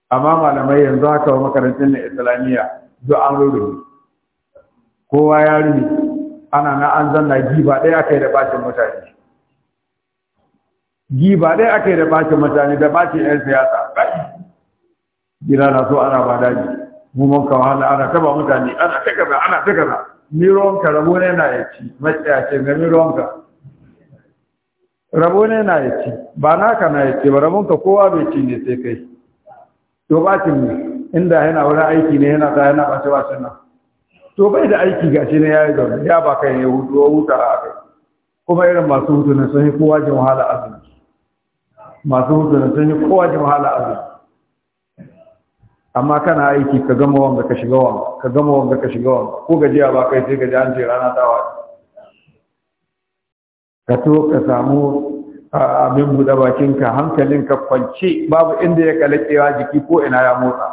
amma malamai yanzu haka wa makarantar na islamiyya zo an rurrufe kowa ya rufe ana na an zanna giba ɗaya aka yi da bacin mutane giba ɗaya aka yi da bacin mutane da bacin 'yan siyasa gida na so ana ba daji mu kawo wahala ana taba mutane ana ta kaza ana ta kaza ni ruwanka rabo ne na ya ci matsaya ga ni rabo ne na ya ci ba naka na ya ci ba rabonka kowa bai ci ne sai kai to bacin ne inda yana wani aiki ne yana ta yana bace bace na. to bai da aiki ga shi ne yayi zaune ya ba kai ne hutu huta a kai kuma irin masu hutu ne sun yi kowa jin wahala azumi masu hutu ne sun yi kowa jin wahala azumi amma kana aiki ka gama wanga ka shiga wanga ka gama wanga ka shiga wanga ko gajiya ba kai sai ka ji an ce rana ta wace. ka to ka samu abin buɗe bakinka hankalin ka kwance babu inda ya kalakewa jiki ko ina ya motsa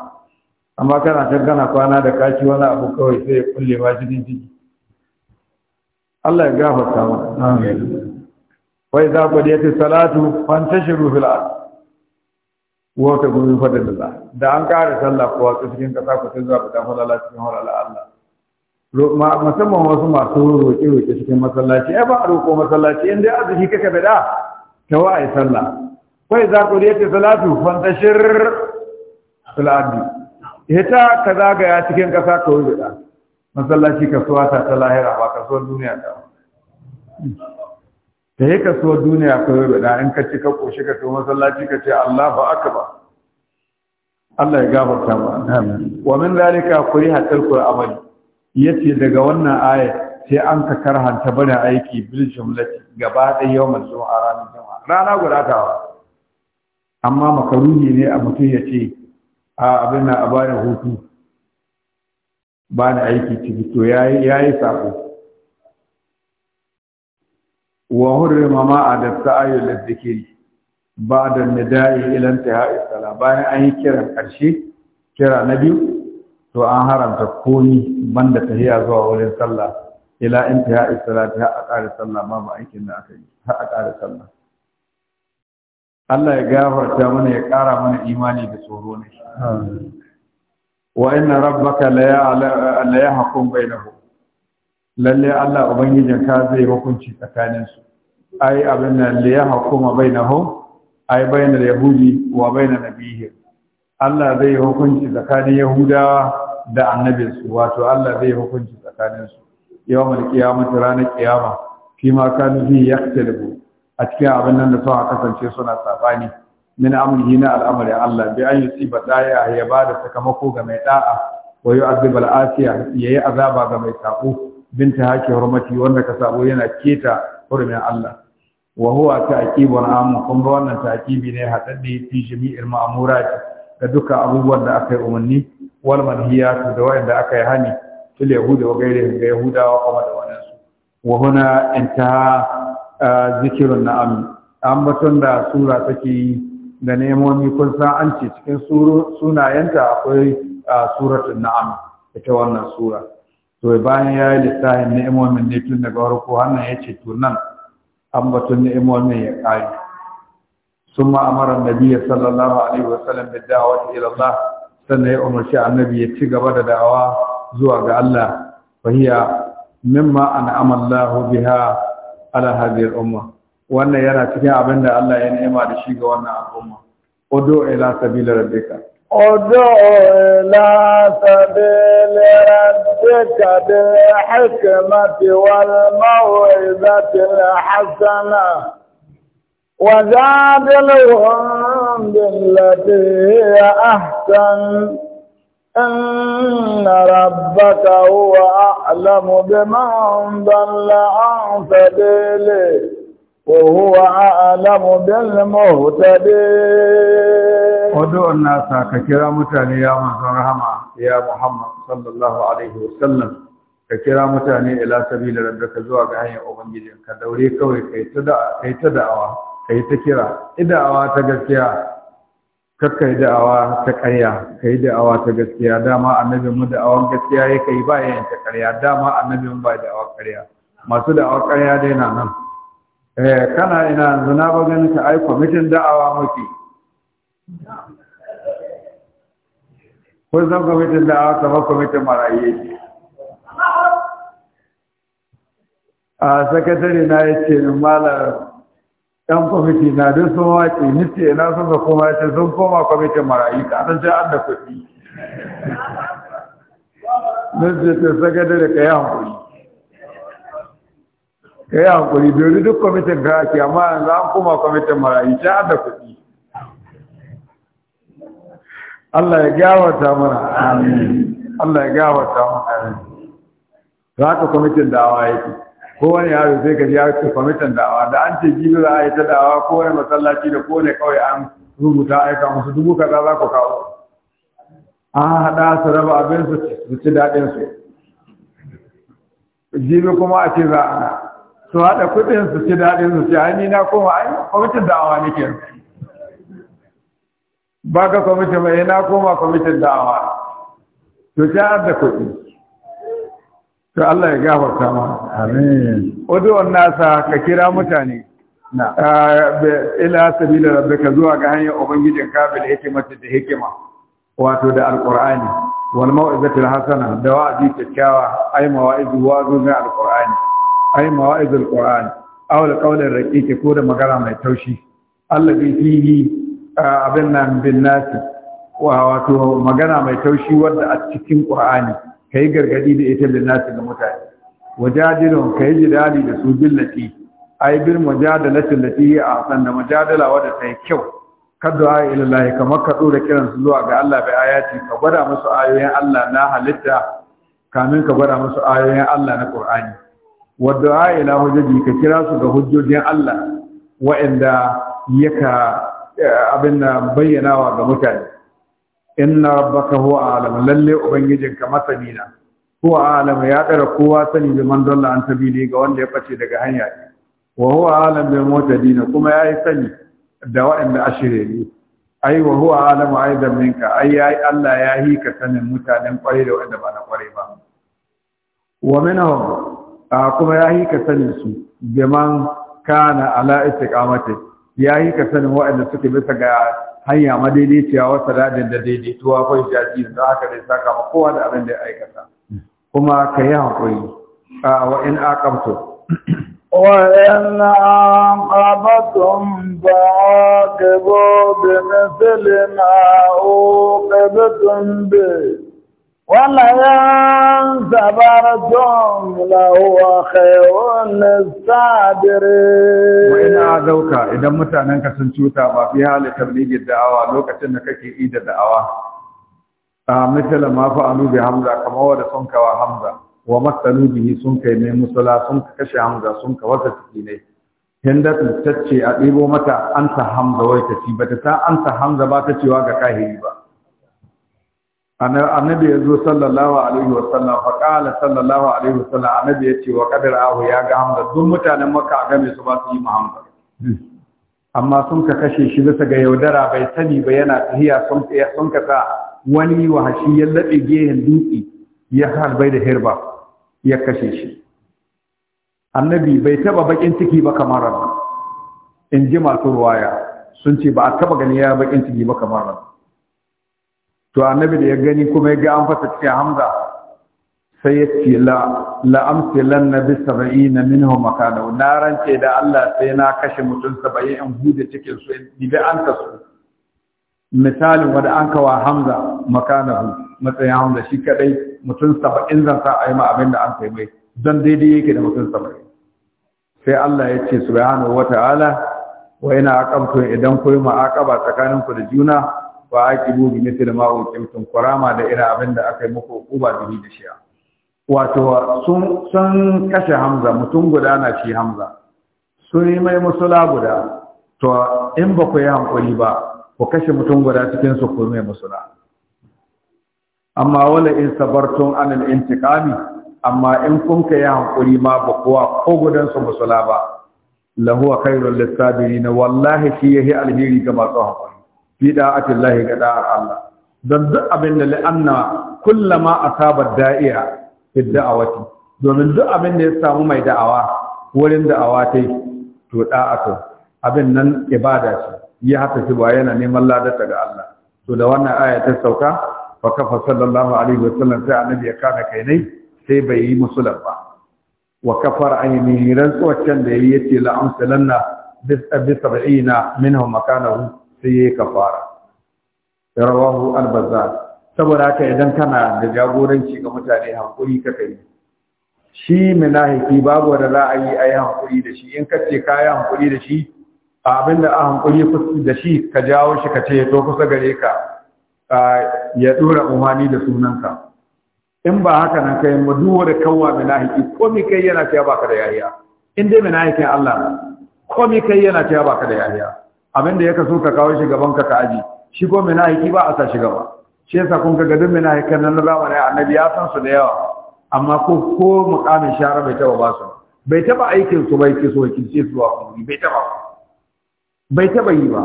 amma kana can kana kwana da kaci wani abu kawai sai ya kulle ma cikin jiki. Allah ya gafarta mana wai za ku da salatu fantashiru fil ardh wata gumi fadalillah da an kare sallah kowa ta cikin ƙasa ku sai zuwa ku dan halala cikin halala Allah musamman wasu masu roƙe roƙe cikin masallaci ai ba a roƙo masallaci in dai arziki kake bada da ta wa ai sallah kai za ku riyata salatu fantashir salati ita ka zagaya cikin ƙasa ka wuce da masallaci ka ta ta lahira ba kasuwar duniya ta da yake kasuwar duniya ko yi da in ka ci ka koshi ka to masallaci ka ce Allahu akbar Allah ya gafarta ba wa min zalika kuri hatar kur yace daga wannan aya sai an ka karhanta bana aiki bil jumlati gaba da yawmal juma'a ranar jama'a rana guda amma makaruhi ne a mutum ya ce a abin na a bani hutu bani aiki ciki to yayi yayi sako wa hurrima ma adatta ayyul dhikri ba'da nida'i ila intihai salat bayan an yi kiran karshe kira na biyu to an haramta komi banda tahiya zuwa wurin sallah ila intihai salat sallah babu aikin da aka yi har sallah Allah ya gafarta mana ya kara mana imani da tsoro ne wa inna rabbaka la ya'lamu nahu. yahkum bainahum lalle Allah ubangijin ka zai hukunci tsakanin su ai abin nan li yahkuma bainahum ai bainar yahudi wa bainar nabiyhi Allah zai hukunci tsakanin yahudawa da su wato Allah zai hukunci tsakanin su yawmal qiyamati ranar qiyama shi ma kanu fi yaktalibu a cikin abin nan da suka kasance suna sabani min amrihi na al'amari Allah bi an yusiba da'a ya bada sakamako ga mai da'a wa yu'adhib al'asiya yayi azaba ga mai sako binta hake hurmati wanda ka sabo yana keta hurmin Allah wa huwa ta'qibun am kun ga wannan takibi ne hadaddi fi jami'il ma'murat da duka abubuwan da aka yi umarni wal manhiyat da wanda aka yi hani fil yahuda wa gairi ga yahudawa kuma da wannan su wa huna intaha zikrun na'am ambaton da sura take yi da nemomi kun san an ce cikin sunayenta akwai suratul na'am ita wannan sura to bayan ya yi lissafin ni'imomin ne tun daga warko hannun ya ce to nan an batun ni'imomin ya ƙari sun ma'amarar nabi sallallahu alaihi sallam da da'awa ta ilallah sannan ya umarci annabi ya ci gaba da da'awa zuwa ga Allah fahiya mimma an amallahu biha ala hadhihi umma wannan yana cikin abin da Allah ya ni'ima da shi ga wannan al'umma udu ila sabila rabbika ادعو إلى سبيل ربك بالحكمة والموعظة الحسنة وجادلهم بالتي هي أحسن إن ربك هو أعلم بمن ضل عن سبيله Ohu wa ala mu dalla mu huta de. ka kira mutane ya mu zan ya Muhammad sallallahu alaihi wa sallam. Ka kira mutane ila sabi da ka zuwa ga hanyar ubangiji, ka daure kawai ka ta da'awa ka ta kira. I da'awa ta gaskiya ka ka yi da'awa ta karya ka yi da'awa ta gaskiya dama annabi mu da'awa gaskiya ya ka ba ya yanta karya dama annabi mu ba da'awa karya masu da'awa karya dai na nan. eh kana ina yanzu na ba ganin ka ai kwamitin da'awa muke ko zan kwamitin da'awa ba kwamitin maraye a sakatare na yace ce min malar ɗan kwamiti na duk sun wace ni ce na so ga koma ce sun koma kwamitin maraye ka dan ce an da kuɗi. Nus ce ta sakatare ka yi hankuli. ka yi hankuri dori duk kwamitin ka ake amma yanzu an kuma kwamitin marayu ta da kuɗi Allah ya gawata mana amin Allah ya gawata mana amin za ka kwamitin dawa yake Ko wani yaro sai ka ji ya ce kwamitin dawa da an ce jibi za a yi ta dawa wani masallaci da ko ne kawai an rubuta aika musu dubu kaza za ku kawo an haɗa su raba abin su ci daɗin su jibi kuma a ce za a su haɗa kuɗin su ci daɗin su ci hanyi na koma ai kwamitin da'awa nake ba ka kwamitin mai eh, na koma kwamitin da'awa to ci har da kuɗi to Allah ya gafarta ma amin wani nasa ka kira mutane na ah, ila sabila ka zuwa ga hanyar ubangijin ka bil hikmati da hikima wato da alqur'ani wal mau'izati hasana da wa'azi kyakkyawa ai mawa'izu wa'azu na alqur'ani ai mawa'izul qur'an aw qawlan raqiqi ko da magana mai taushi allazi fihi abin nan bin nasi wa wato magana mai taushi wanda a cikin qur'ani kai gargadi da ita lin nasi ga mutane wajadilun kai jidali da su billati ai bil mujadalati lati a san da mujadala wanda ta yi kyau kaddu'a ila Allah kamar ka dora kiran su zuwa ga Allah bai ayati ka gwada musu ayoyin Allah na halitta kamin ka gwada musu ayoyin Allah na Qur'ani wadda ila hujjaji ka kira su ga hujjojin Allah wa'anda yaka eh, abin da bayyanawa ga mutane inna rabbaka huwa alam lalle ubangijin ka masani na huwa alam ya dara kowa sani bi man dalla an tabili ga wanda ya bace daga hanya wa huwa alam bil mutadin kuma yayi sani da waɗanda ashire ne ai wa huwa alam aidan minka ai yayi Allah ya hika sanin mutanen kwarai da waɗanda ba na kwarai ba wa minhum a kuma yayi ka sanin su biman kana ala istiqamati yayi ka sanin waɗanda suke bisa ga hanya madaidaiciya wata radin da daidaituwa ko jaji da haka dai saka ma kowa da abin da ya aikata kuma ka yi hankuri a wa in aqamtu wa in aqabatum fa'aqibu bi mithli ma uqibtum bi ولئن صبرتم لهو خير للصابرين وإن عذوك إذا متعننك سنشوتا ما فيها لتبليغ الدعوة لو كتن كي إيد الدعوة مثل ما فعلوا بحمزة كما هو سنك وحمزة ومثلوا به سنك من مصلا سنك كشي حمزة سنك وسكيني هندت تتشي أبيبو متى أنت حمزة ويتشي بتتا أنت حمزة باتشي واغا كاهي با annabi ya zo sallallahu alaihi wa sallam fa qala sallallahu alaihi wa sallam annabi ya ce wa qadar ahu ya ga hamza duk mutanen makka a game su ba su yi muhammad hmm. amma sun ka kashe shi bisa ga yaudara bai sani ba yana tahiya sun sun ka sa wani wahashi ya labe gehen dutse ya harbai da hirba ya kashe shi annabi bai taba bakin ciki ba kamar ran in ji masu ruwaya sun ce ba a taba gani ya bakin ciki ba kamar ran to annabi da ya gani kuma ya ga an fasa cikin hamza sai ya ce la la lan nabi sab'ina minhum makana na rance da Allah sai na kashe mutum 70 in hude cikin su idan an ta su misalin wanda an kawa hamza makanahu matsayin hamza shi kadai mutum 70 zan sa a yi ma abin da an kai mai dan daidai yake da mutum 70 sai Allah ya ce subhanahu wata'ala wa ina aqamtu idan kuyi ma'aqaba tsakaninku da juna fa aqibu bi mithli ma uqimtum kurama da irin abin da aka muku uba bihi da shi'a wato sun kashe Hamza mutum guda na shi Hamza sun yi mai musula guda to in ba ku yi hankali ba ku kashe mutum guda cikin su ku mai musula amma wala in sabartum anil intiqami amma in kun ka yi hankali ma ba kowa ko gudan su musula ba lahu khairul lisabirin wallahi shi yahi alheri ga masu hankali fi lahi ga da'ar Allah don duk abin da la'anna kullama asaba da'iya fi da'awati domin duk abin da ya samu mai da'awa wurin da'awa ta yi to da'atu abin nan ibada ce ya haka shi ba yana neman ladata ga Allah to da wannan aya ta sauka fa kafa sallallahu alaihi wasallam sai annabi ya kai kainai sai bai yi musulun ba wa kafar ainihin rantsuwar can da yayi yace la amsalanna bis sab'ina minhum makanahu sai yayi kafara rawahu al saboda haka idan kana da jagoranci ga mutane hankuri ka kai shi munafiki babu wanda za a yi a yi hankuri da shi in ce ka yi hankuri da shi abinda a hankuri da shi ka jawo shi ka ce to kusa gare ka ya dora umani da sunanka in ba haka nan kai mu duwa da kawwa munafiki ko mi kai yana cewa baka da yariya in dai munafikin Allah ko mi kai yana cewa baka da yariya abin da ya kaso ka kawo shi gaban ka ka aji shi ko minahiki ba a sa shi gaba shi yasa kun ga gadin minahikan nan na zamanin annabi ya san su da yawa amma ko ko mukamin shara bai taba ba su bai taba aikin su bai kiso ce su wa bai taba bai taba yi ba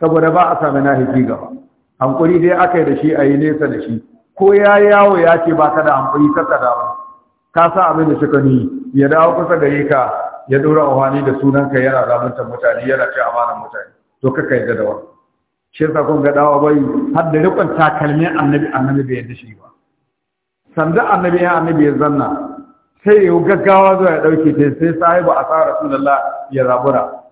saboda ba a sa minahiki gaba hankuri dai aka yi da shi a yi nesa da shi ko ya yawo ya ce ba ka da hankuri ka da ba ka sa abin da suka ni ya dawo kusa gare ka ya dora wani da sunanka yana zamunta mutane yana ce amanan mutane to kaka yadda da wani shi yasa kun ga dawa bai har da rikon takalmin annabi annabi bai yadda shi ba sanda annabi ya annabi ya zanna sai ya gaggawa zuwa ya dauke ta sai sahibu a tsara la ya zabura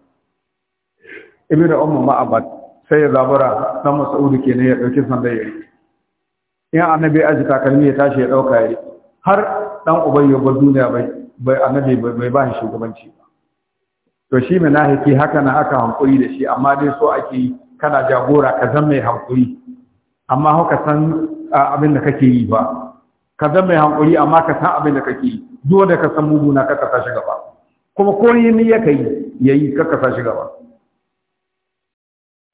ibnu ummu ma'abad sai ya zabura dan mas'udu kenan ya dauki sanda ya yi in annabi ya aji takalmi ya tashi ya dauka ya har dan ubayyo ba duniya bai bai annabi bai ba shi shugabanci ba to shi munafiki haka na aka hankuri da shi amma dai so ake kana jagora ka zama mai hankuri amma haka san abin da kake yi ba ka zama mai hankuri amma ka san abin da kake yi duk da ka san muguna ka kasa shi gaba kuma ko ni ne yake yi yayi ka kasa shi gaba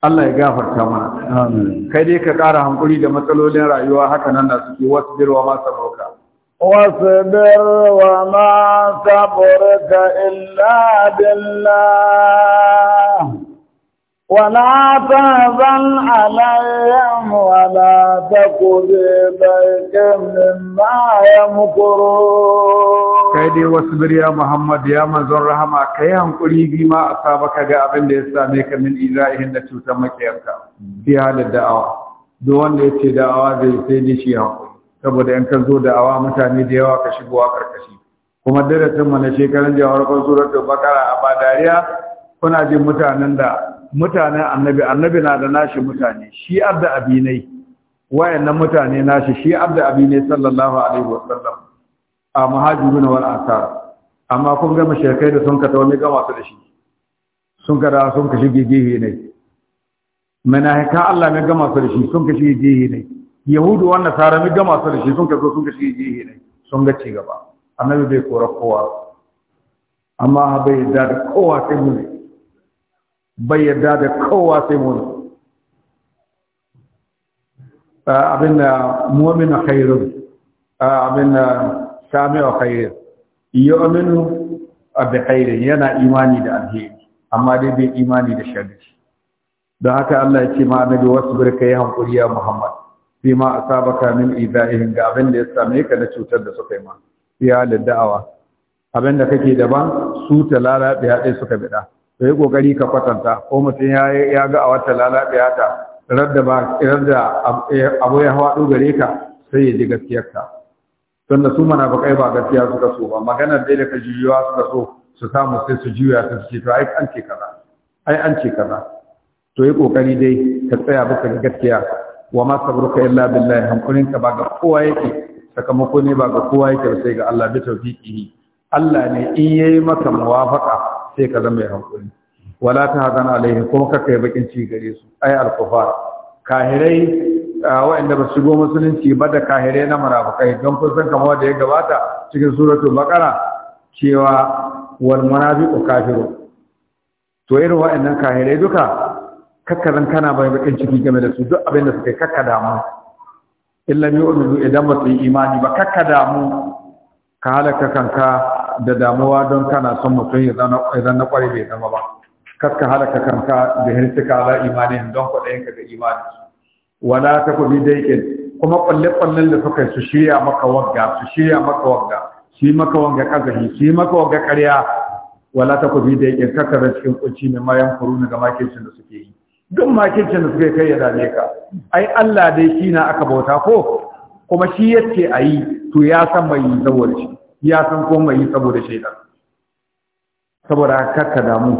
Allah ya gafarta mana amin kai dai ka ƙara hankuri da matsalolin rayuwa haka nan da suke wasu dirwa ma saboka واصبر وما صبرك إلا بالله ولا تهزن عليهم ولا تك في ضيق مما يمكرون kai dai wasu ya Muhammad ya manzon rahama kai hankuri bi a asabaka ga abin da ya same ka min iza'ihin da cutar makiyarka fi halin da'awa duk wanda yace da'awa zai sai dai shi hankuri saboda in ka zo da awa mutane da yawa ka shigo a karkashi kuma darasin mana shekarun shekaran jiya farkon da bakara a ba dariya kuna jin mutanen da mutanen annabi annabi na da nashi mutane shi abda abinai wayannan mutane nashi shi abda abinai sallallahu alaihi wasallam a muhajirin wal ansar amma kun ga mushrikai da sun ka tawo ga masu da shi sun ka da sun ka shige gehe ne ka Allah ne ga masu da shi sun ka shige gehe ne yahudu wannan tsara mai gama su da shi sun kaso sun ga shi jihi ne sun ga ci gaba annabi bai kora kowa amma bai yadda da kowa sai mu ne bai yadda da kowa sai mu ne abin da mu'min khairun abin da sami'u khair a bai khairin yana imani da alheri amma dai bai imani da shari'a, don haka Allah ya ce ma annabi wasbir kai hankuri ya Muhammad fi ma asabaka min idaihim ga abin da ya same ka na cutar da suka yi ma ya da da'awa abin da kake daban su ta lalabe haɗe suka bida to yi kokari ka kwatanta ko mutum ya ga a wata lalabe ya ta radda ba radda eh, abu ya hawa gare ka sai ya ji gaskiyar ka don da su munafikai ba gaskiya suka so ba maganar dai da ka juyuwa suka so su samu sai su juya su ce to ai an ce kaza ai an ce kaza to yi kokari dai ka tsaya baka gaskiya wa ma sabruka illa billahi hankulin ka ba ga kowa yake sakamako ne ba ga kowa yake sai ga Allah bi tawfiqihi Allah ne in yayi maka muwafaqa sai ka zama mai hankuli wala ta hazan alaihi kuma ka kai bakin ci gare su ai al-kufar kahirai waɗanda ba shigo musulunci ba da kahirai na munafikai don kun san kamar da ya gabata cikin suratul baqara cewa wal munafiqu kafiru to irin waɗannan kahirai duka kakkazan kana bai bakin ciki game da su duk abin da suka yi kakka damu illa mi umiru idan ba su yi imani ba kakka damu ka halaka kanka da damuwa don kana son mutum ya idan na kware bai zama ba kakka halaka kanka da ka ala imanin don kwaɗayin ka ga imani wala ta ku bi daikin kuma kwalle-kwallen da suka su shirya maka wagga su shirya maka wagga shi maka wanga kazahi shi maka wanga karya wala ta ku bi dai kakka da cikin kunci mai mayan kuruna ga makircin da suke yi duk makircin da suka kai ya dame ka ai Allah dai shi na aka bauta ko kuma shi yace a yi to ya san mai yi saboda shi ya san ko mai yi saboda shaidan saboda kakka damu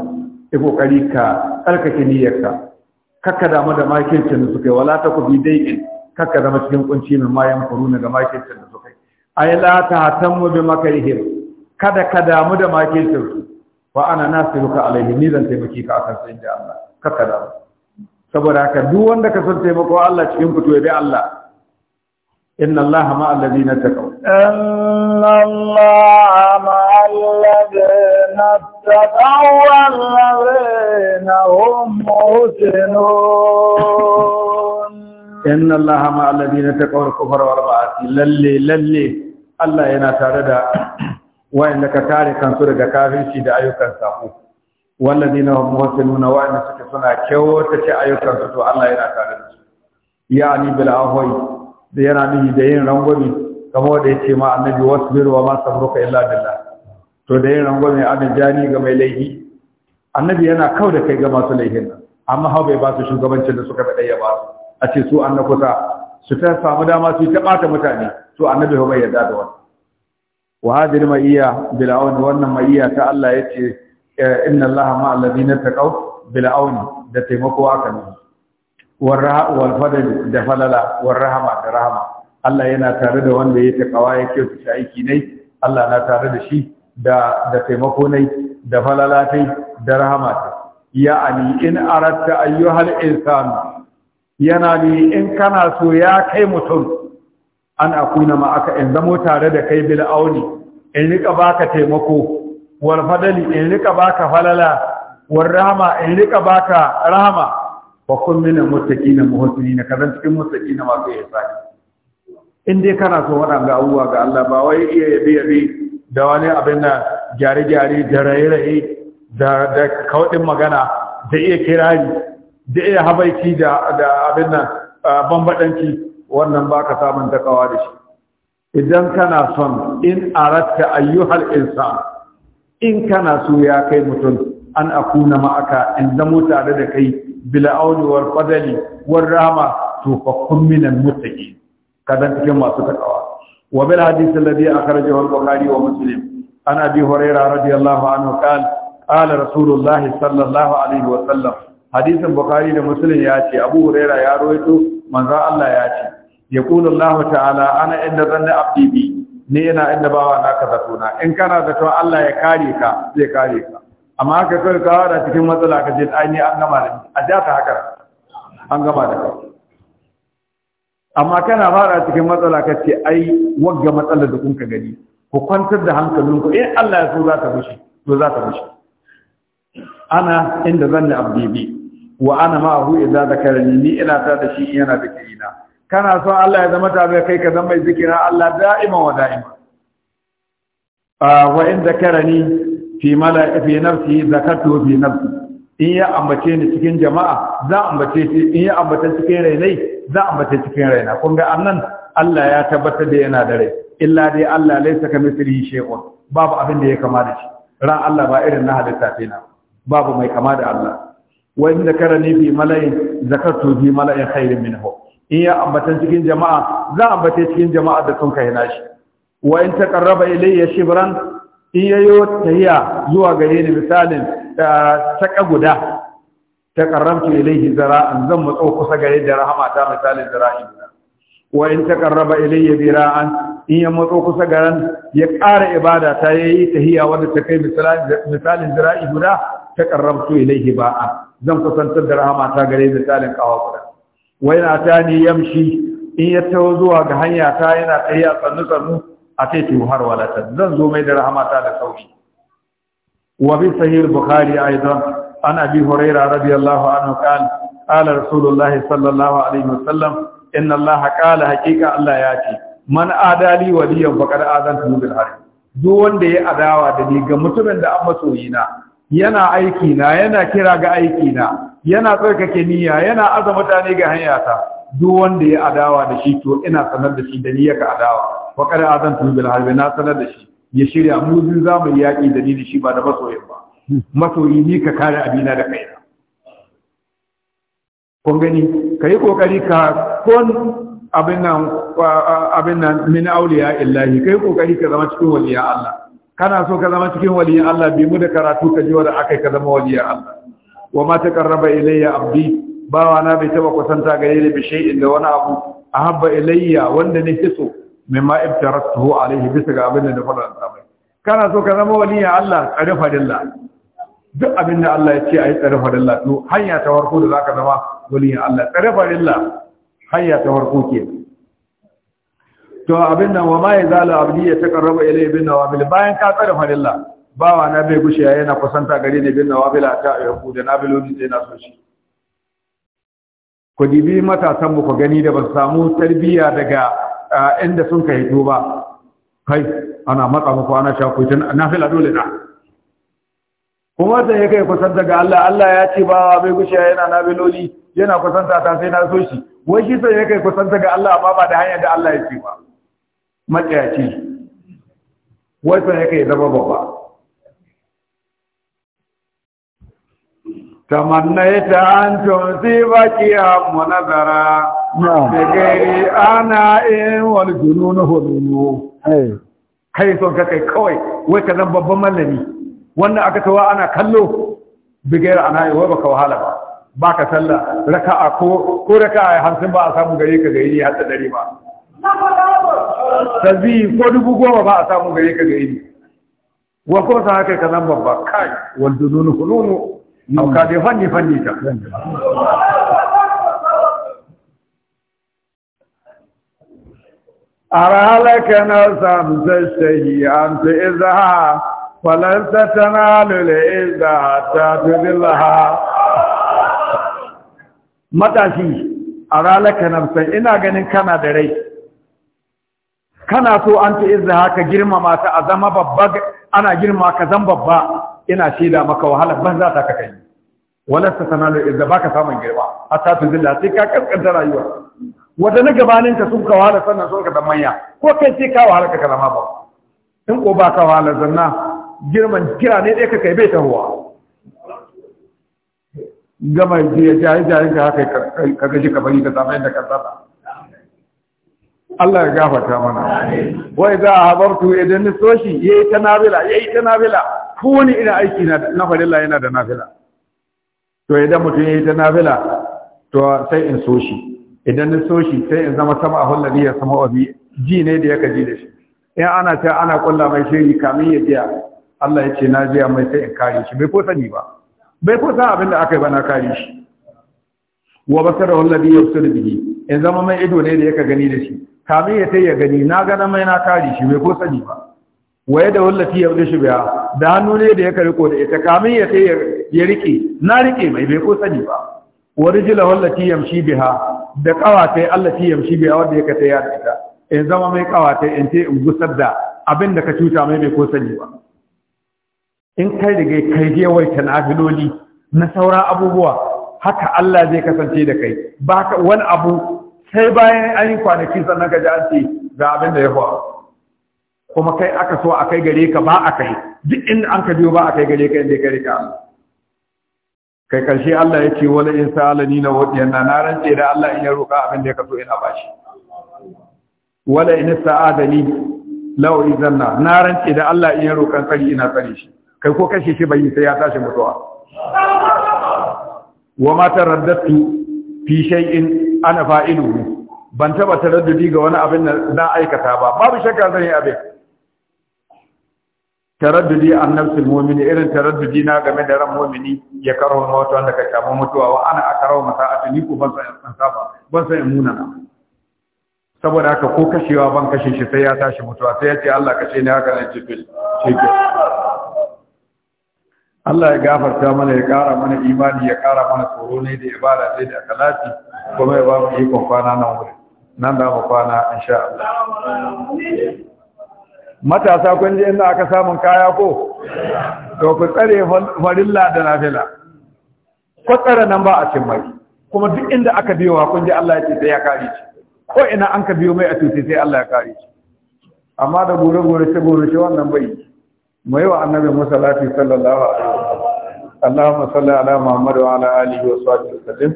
ya kokari ka tsarkake niyyarka kakka damu da makircin da suka yi wala ta ku bi daikin kakka zama cikin kunci mai mayan kuruna ga makircin da suka yi ai la ta hatammu bi makarihim kada ka damu da makircin su wa ana nasiruka alaihi ni zan taimaki ka akan sai da Allah kakka damu saboda haka duk wanda ka son taimako Allah cikin fito ya bi Allah inna Allah ma allazi na taka inna Allah ma allazi na taka wallazi na humusinu inna Allah ma allazi na taka kufar wal ba'ati lalle lalle Allah yana tare da wayanda ka tare kansu daga kafirci da ayyukan safu Wallani hum muhsinuna wa anna suka suna ce ayyukan su to Allah yana tare da su yani bil ahwai da yana nihi da yin rangwami kamar da yace ma annabi wasbir wa ma sabruka illa billah to da yin rangwami an jani ga mai laifi annabi yana kau da kai ga masu laifin nan amma hau bai ba su shugabancin da suka bada ya ba su a ce su annabi kusa su ta samu dama su ta bata mutane to annabi bai yarda da wannan wa hadir ma'iya bil ahwai wannan ma'iya ta Allah yace Eh, inna allaha ma alladhina taqaw bil auni da taimako aka ne war da falala war rahama da rahama Allah yana tare da wanda ya takawa ya kyautata aiki nai. Allah na tare da shi da taimako nai, da falala tai da rahama tai ya'ani in aratta ayyuhal insan yana ni in kana so ya kai mutum an akuna ma aka in zamo tare da kai bil'auni auni in rika baka taimako wal fadali in rika baka falala war rahama in rika baka rahama wa kun min muttaqina muhsinina kadan cikin muttaqina masu ihsani in dai kana so ga abuwa ga Allah ba wai iya yabe yabe da wani abin da gyare gyare da raye da da kaudin magana da iya kirari da iya habaiki da da abin nan bambadanci wannan baka samun takawa da shi idan kana son in aratta ayyuhal insan in kana so ya kai mutum an akuna ma'aka in zamo tare da kai bila auni war fadali war rama to fa kun minal muttaqi kadan cikin masu takawa wa bil hadith alladhi akhrajahu al-bukhari wa muslim an abi hurairah radiyallahu anhu qala قال رسول الله صلى الله عليه وسلم حديث البخاري da muslim ya ce abu huraira ya rawaito manzo Allah ya ce yaqulu Allah ta'ala ana inda zanna abdi bi ni yana inda bawa na ka zato na in kana zato Allah ya kare ka zai kare ka amma ka kai ka da cikin matsala ka je ai ni an gama da a ja ta haka an gama da ka. amma kana fara cikin matsala ka ce ai wagga matsalar da kun ka gani ku kwantar da hankalinku in Allah ya so za ta bushe to za ta bushe ana inda zanni abdi bi wa ana hu idza zakarani ni ina ta da shi yana da kaina kana son Allah ya zama tabe kai ka zama mai zikirin Allah da'ima wa da'ima wa in zakarani fi mala fi nafsi zakatu fi nafsi in ya ambace ni cikin jama'a za ambace shi in ya ambata cikin rainai za ambace cikin raina kun ga annan Allah ya tabbatar da yana da rai illa dai Allah laysa kamithlihi shay'un babu abin da ya kama da shi ran Allah ba irin na halitta ce na babu mai kama da Allah wa in zakarani fi mala'in zakatu fi mala'in khairin minhu in ya ambatan cikin jama'a za ambate cikin jama'a da sun kai nashi wa in taqarraba ilayya shibran in yayo tayya zuwa gare ni misalin taka guda taqarramtu ilayhi zara'an zan matso kusa gare da rahama ta misalin zara'in wa in taqarraba ilayya bira'an in ya matso kusa garan ya ƙara ibada ta yayi tahiya wanda ta kai misalin zara'i guda taqarramtu ilayhi ba'a zan kusantar da rahama ta gare misalin kawa guda wai na ta ni yamshi in ya taho zuwa ga hanya ta yana tsaye a tsannu tsannu a ce ki har walata zan zo mai da rahamata da sauki wa bi sahih bukhari aidan an abi hurairah radiyallahu anhu qala qala rasulullah sallallahu alaihi wasallam inna allah qala haqiqa allah ya ce man adali waliyan faqad azantu bil harb duk wanda ya adawa da ni ga mutumin da an na. yana aiki na yana kira ga aiki na yana tsarkake niyya yana aza mutane ga hanyata duk wanda ya adawa da shi to ina sanar da shi da niyya ka adawa wa kada azan tu bil harbi na sanar da shi ya shirya mu biyu za mu yaƙi da ni shi ba da masoyin ba masoyi ni ka kare abina da kai kun gani ka yi ka kon abin nan min auliya illahi ka kokari ka zama cikin waliya Allah kana so ka zama cikin waliyin Allah bi mu da karatu ka jiwa da akai ka zama waliyin Allah wa ma taqarraba ilayya abdi bawa na bai taba kusanta gare ni bi shay'in da wani abu ahabba ilayya wanda ne kiso mimma ibtaratuhu alayhi bisa ga abin da na faɗa kana so ka zama waliyin Allah tsare fadilla duk abin da Allah ya ce ayi tsare fadilla to hanya ta farko da zaka zama waliyin Allah tsare fadilla hanya ta farko kenan to abin nan wa ma ya zala abdi ya karaba ilayhi bin nawafil bayan ka tsare farilla bawa na bai gushe yana kusanta gare ni bin nawafil ta yaku da nabilodi sai na so shi ku dibi matasan mu ku gani da ba samu tarbiyya daga inda sun kai to ba kai ana matsa muku ana shakutin nafila dole na kuma da ya kai kusanta ga Allah Allah ya ce bawa bai gushe yana nabilodi yana kusanta ta sai na so shi wai shi sai ya kai kusanta ga Allah amma ba da hanyar da Allah ya ce ba matsayaci wasu ya kai zama babba تمنيت da gari ana in wani أناء na hulunu kai son ka kai kawai wai ka zan babban mallami wannan aka tawa ana kallo bigayar ana yi wai baka wahala ba ba ka sallah raka'a ko ko raka'a hamsin ba a samu gari ka gari ya hadda dare ba tasbihi ko dubu goma ba a samu gare ka gari. ini wa ko sa haka ka zan babba kai wanda nunu kununu au ka dai fanni fanni ta أرهلك نفسا تشتهي في إذها ولن تنال الإذا تذلها متى شيء أرهلك نفسا إنا غنين كان دري kana so an ta izza haka girmama ta a zama babba ana girma ka zan babba ina shaida maka wahala ban za ta ka kai wala ta da izza baka samun girma hatta tuzilla sai ka kaskanta rayuwa wata na gabanin ka sun ka wahala sannan sun ka dan manya ko kai sai ka wahala ka kalama babba in ko ba ka wahala zanna girman kira ne dai ka kai bai tahowa gama ya ji ka haka ka gaji ka bari ka samu inda ka tsada Allah ya gafata mana Wai a idza habartu idan ni soshi yayi ta nafila yayi ta nafila ko wani ina aiki na na farilla yana da nafila to idan mutum yayi ta nafila to sai in soshi idan ni soshi sai in zama sama ahul nabi ya sama abi ji ne da yaka ji da shi in ana ta ana kulla mai shiri kamin ya biya, Allah ya ce na biya mai sai in kare shi bai ko sani ba bai ko san abin da aka yi ba na kare shi wa basara wallabi da bihi in zama mai ido ne da ka gani da shi kamin ya ta ya gani na gana mai na kare shi bai ko sani ba waye da wallafi ya shi biya da hannu ne da ya ka kariko da ita kamin ya ta ya rike na rike mai bai ko sani ba Wani jila rijla wallati yamshi biha da kawata allati yamshi biha wanda yake ta ya ita in zama mai kawata in ce in gusar da abin da ka cuta mai bai ko sani ba in kai da kai kai je wai tanafiloli na sauran abubuwa haka Allah zai kasance da kai baka wani abu sai bayan an yi kwanaki sannan ka ji an ce ga abin da ya faru kuma kai aka so a kai gare ka ba a kai duk inda an ka biyo ba a kai gare ka inda ka rika kai karshe Allah ya ce wala in ni na wadiyan yana. na rance da Allah in ya roƙa abin da ya kaso ina bashi wala in ni law izanna na rance da Allah in ya roƙa tsari ina tsari shi kai ko kashe shi bai sai ya tashi mutuwa wa ma taraddatu fi shay'in ana fa'ilu ban taba taraddudi ga wani abin da na aikata ba babu shakka zan yi abin taraddudi an nafsin momini irin taraddudi na game da ran momini ya karo wata wanda ka shafa mutuwa wa ana a karo masa a tuni ko ban san saba ban san muna saboda haka ko kashewa ban kashe shi sai ya tashi mutuwa sai ya ce Allah kashe ni haka nan cikin cikin Allah ya gafarta mana ya kara mana imani ya kara mana tsoro ne da ibada sai da kalafi kuma ya ba mu ikon kwana nan wuri nan da mu kwana insha Allah matasa kun ji inda aka samun kaya ko to ku tsare farilla da nafila ko tsare nan ba a cin mai kuma duk inda aka biyowa kun ji Allah ya ce sai ya kare shi ko ina an ka biyo mai a tuti sai Allah ya kare shi amma da gore gore ce gure ce wannan bai mu yi wa annabi musallati sallallahu alaihi wasallam Allahumma salli ala Muhammad wa ala alihi wa sahbihi wa sallam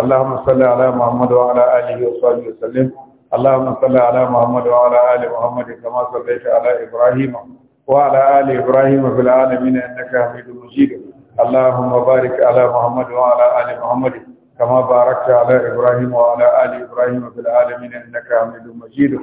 اللهم صل على محمد وعلى آله وصحبه وسلم اللهم صل على محمد وعلى آل محمد كما صليت على إبراهيم وعلى آل إبراهيم في العالمين إنك حميد مجيد اللهم بارك على محمد وعلى آل محمد كما باركت على إبراهيم وعلى آل إبراهيم في العالمين إنك حميد مجيد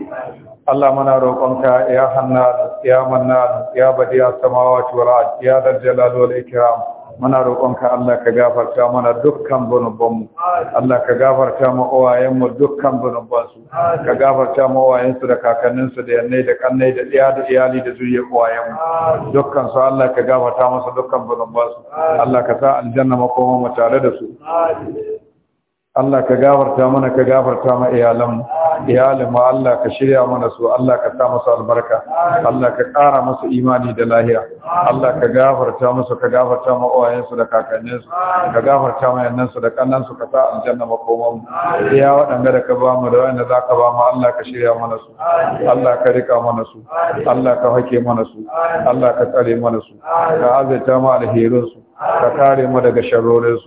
اللهم نروقك يا حنان يا منان يا بديع السماوات والأرض يا ذا الجلال والإكرام muna roƙonka Allah ka gafarta mana dukkan zunubanmu Allah ka gafarta mu uwayenmu dukkan zunubansu ka gafarta mu uwayensu da kakanninsu da yannai da kannai da iya da iyali da zuriyar uwayenmu dukkan su Allah ka gafarta masa dukkan zunubansu Allah ka sa aljanna makoma mu tare da su Allah ka gafarta mana ka gafarta ma iyalan iyalan ma Allah ka shirya mana su Allah ka sa musu albarka Allah ka ƙara musu imani da lahiya Allah ka gafarta musu ka gafarta ma uwayen su da kakannin su ka gafarta ma yannan su da kannan su ka sa aljanna makoman mu iya waɗanda da ka ba mu da wanda za ka ba mu Allah ka shirya mana su Allah ka rika mana su Allah ka hake mana su Allah ka tsare mana su ka azaita ma alherin su ka kare mu daga sharorin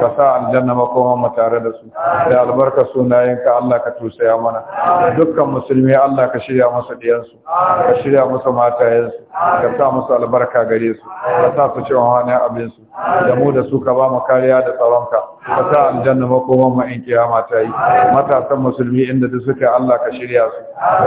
ka sa aljanna makoman mu tare da su da albarka sunayen ka Allah ka tusaya mana dukkan musulmi Allah ka shirya musu diyan ka shirya musu matayensu. ka sa musu albarka gare su ka sa su ci wani abin su da mu da su ka ba mu kariya da tsaron ka ka sa aljanna makoman mu in kiyama ta yi matasan musulmi inda duk suke Allah ka shirya su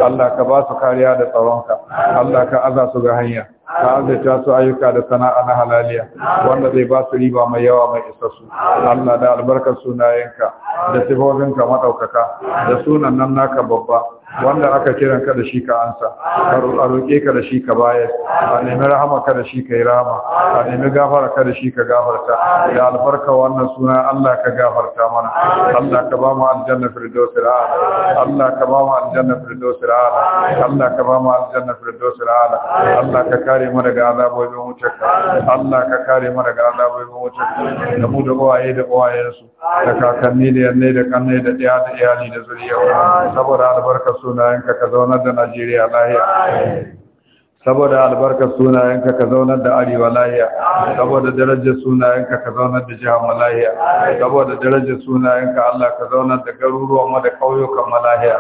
Allah ka ba su kariya da tsaron ka Allah ka aza su ga hanya ka ta su ayyuka da sana'a na halaliya wanda zai ba su riba mai yawa mai isa su Allah da albarkar sunayenka da sifofinka maɗaukaka da sunan nan naka babba wanda aka kiran ka da shi ka ansa a roƙe ka da shi ka bayar a nemi rahama ka da shi ka yi rahama a nemi gafara ka da shi ka gafarta da albarka wannan suna Allah ka gafarta mana Allah ka ba mu aljanna firdaus ala Allah ka ba mu aljanna firdaus ala Allah ka ba mu aljanna firdaus ala Allah ka kare mu daga azabobin wutarka Allah ka kare mu daga azabobin wutarka da mu da uwaye da uwayensu da kakanni da yanne da kanne da ɗaya da iyali da zuriya saboda albarkar yanka ka zaunar da Najeriya lahiya saboda albarkar sunayenka ka zaunar da arewa lahiya saboda darajar sunayenka ka zaunar da jihar malahiya saboda darajar sunayenka Allah ka zaunar da garuruwan mu da kauyukan malahiya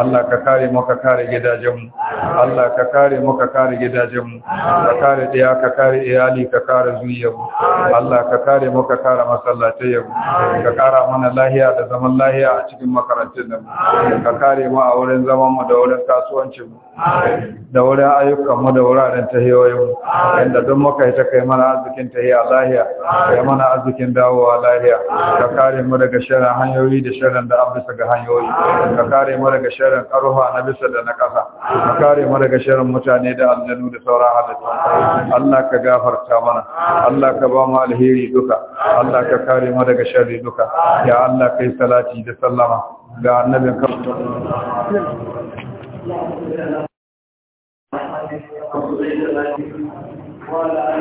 Allah ka kare mu ka kare gidajen mu Allah ka kare mu ka kare gidajen mu ka kare daya ka kare iyali ka kare zuriyar mu Allah ka kare mu ka kare masallatai mu ka kara mana lahiya da zaman lahiya a cikin makarantun mu ka kare mu a wurin zaman mu da wurin kasuwancin mu da wurin ayyukanmu da wuraren tahiyoyinmu inda duk muka yi ta kai mana arzikin tahiya lahiya kai mana arzikin dawowa lahiya ka kare mu daga shirin hanyoyi da shirin da an bisa ga hanyoyi ka kare mu daga shirin karuwa na bisa da na ƙasa ka kare mu daga shirin mutane da aljanu da sauran halittu Allah ka gafarta mana Allah ka ba mu alheri duka Allah ka kare mu daga sharri duka ya Allah kai salati da sallama ga annabin ka وعلى آله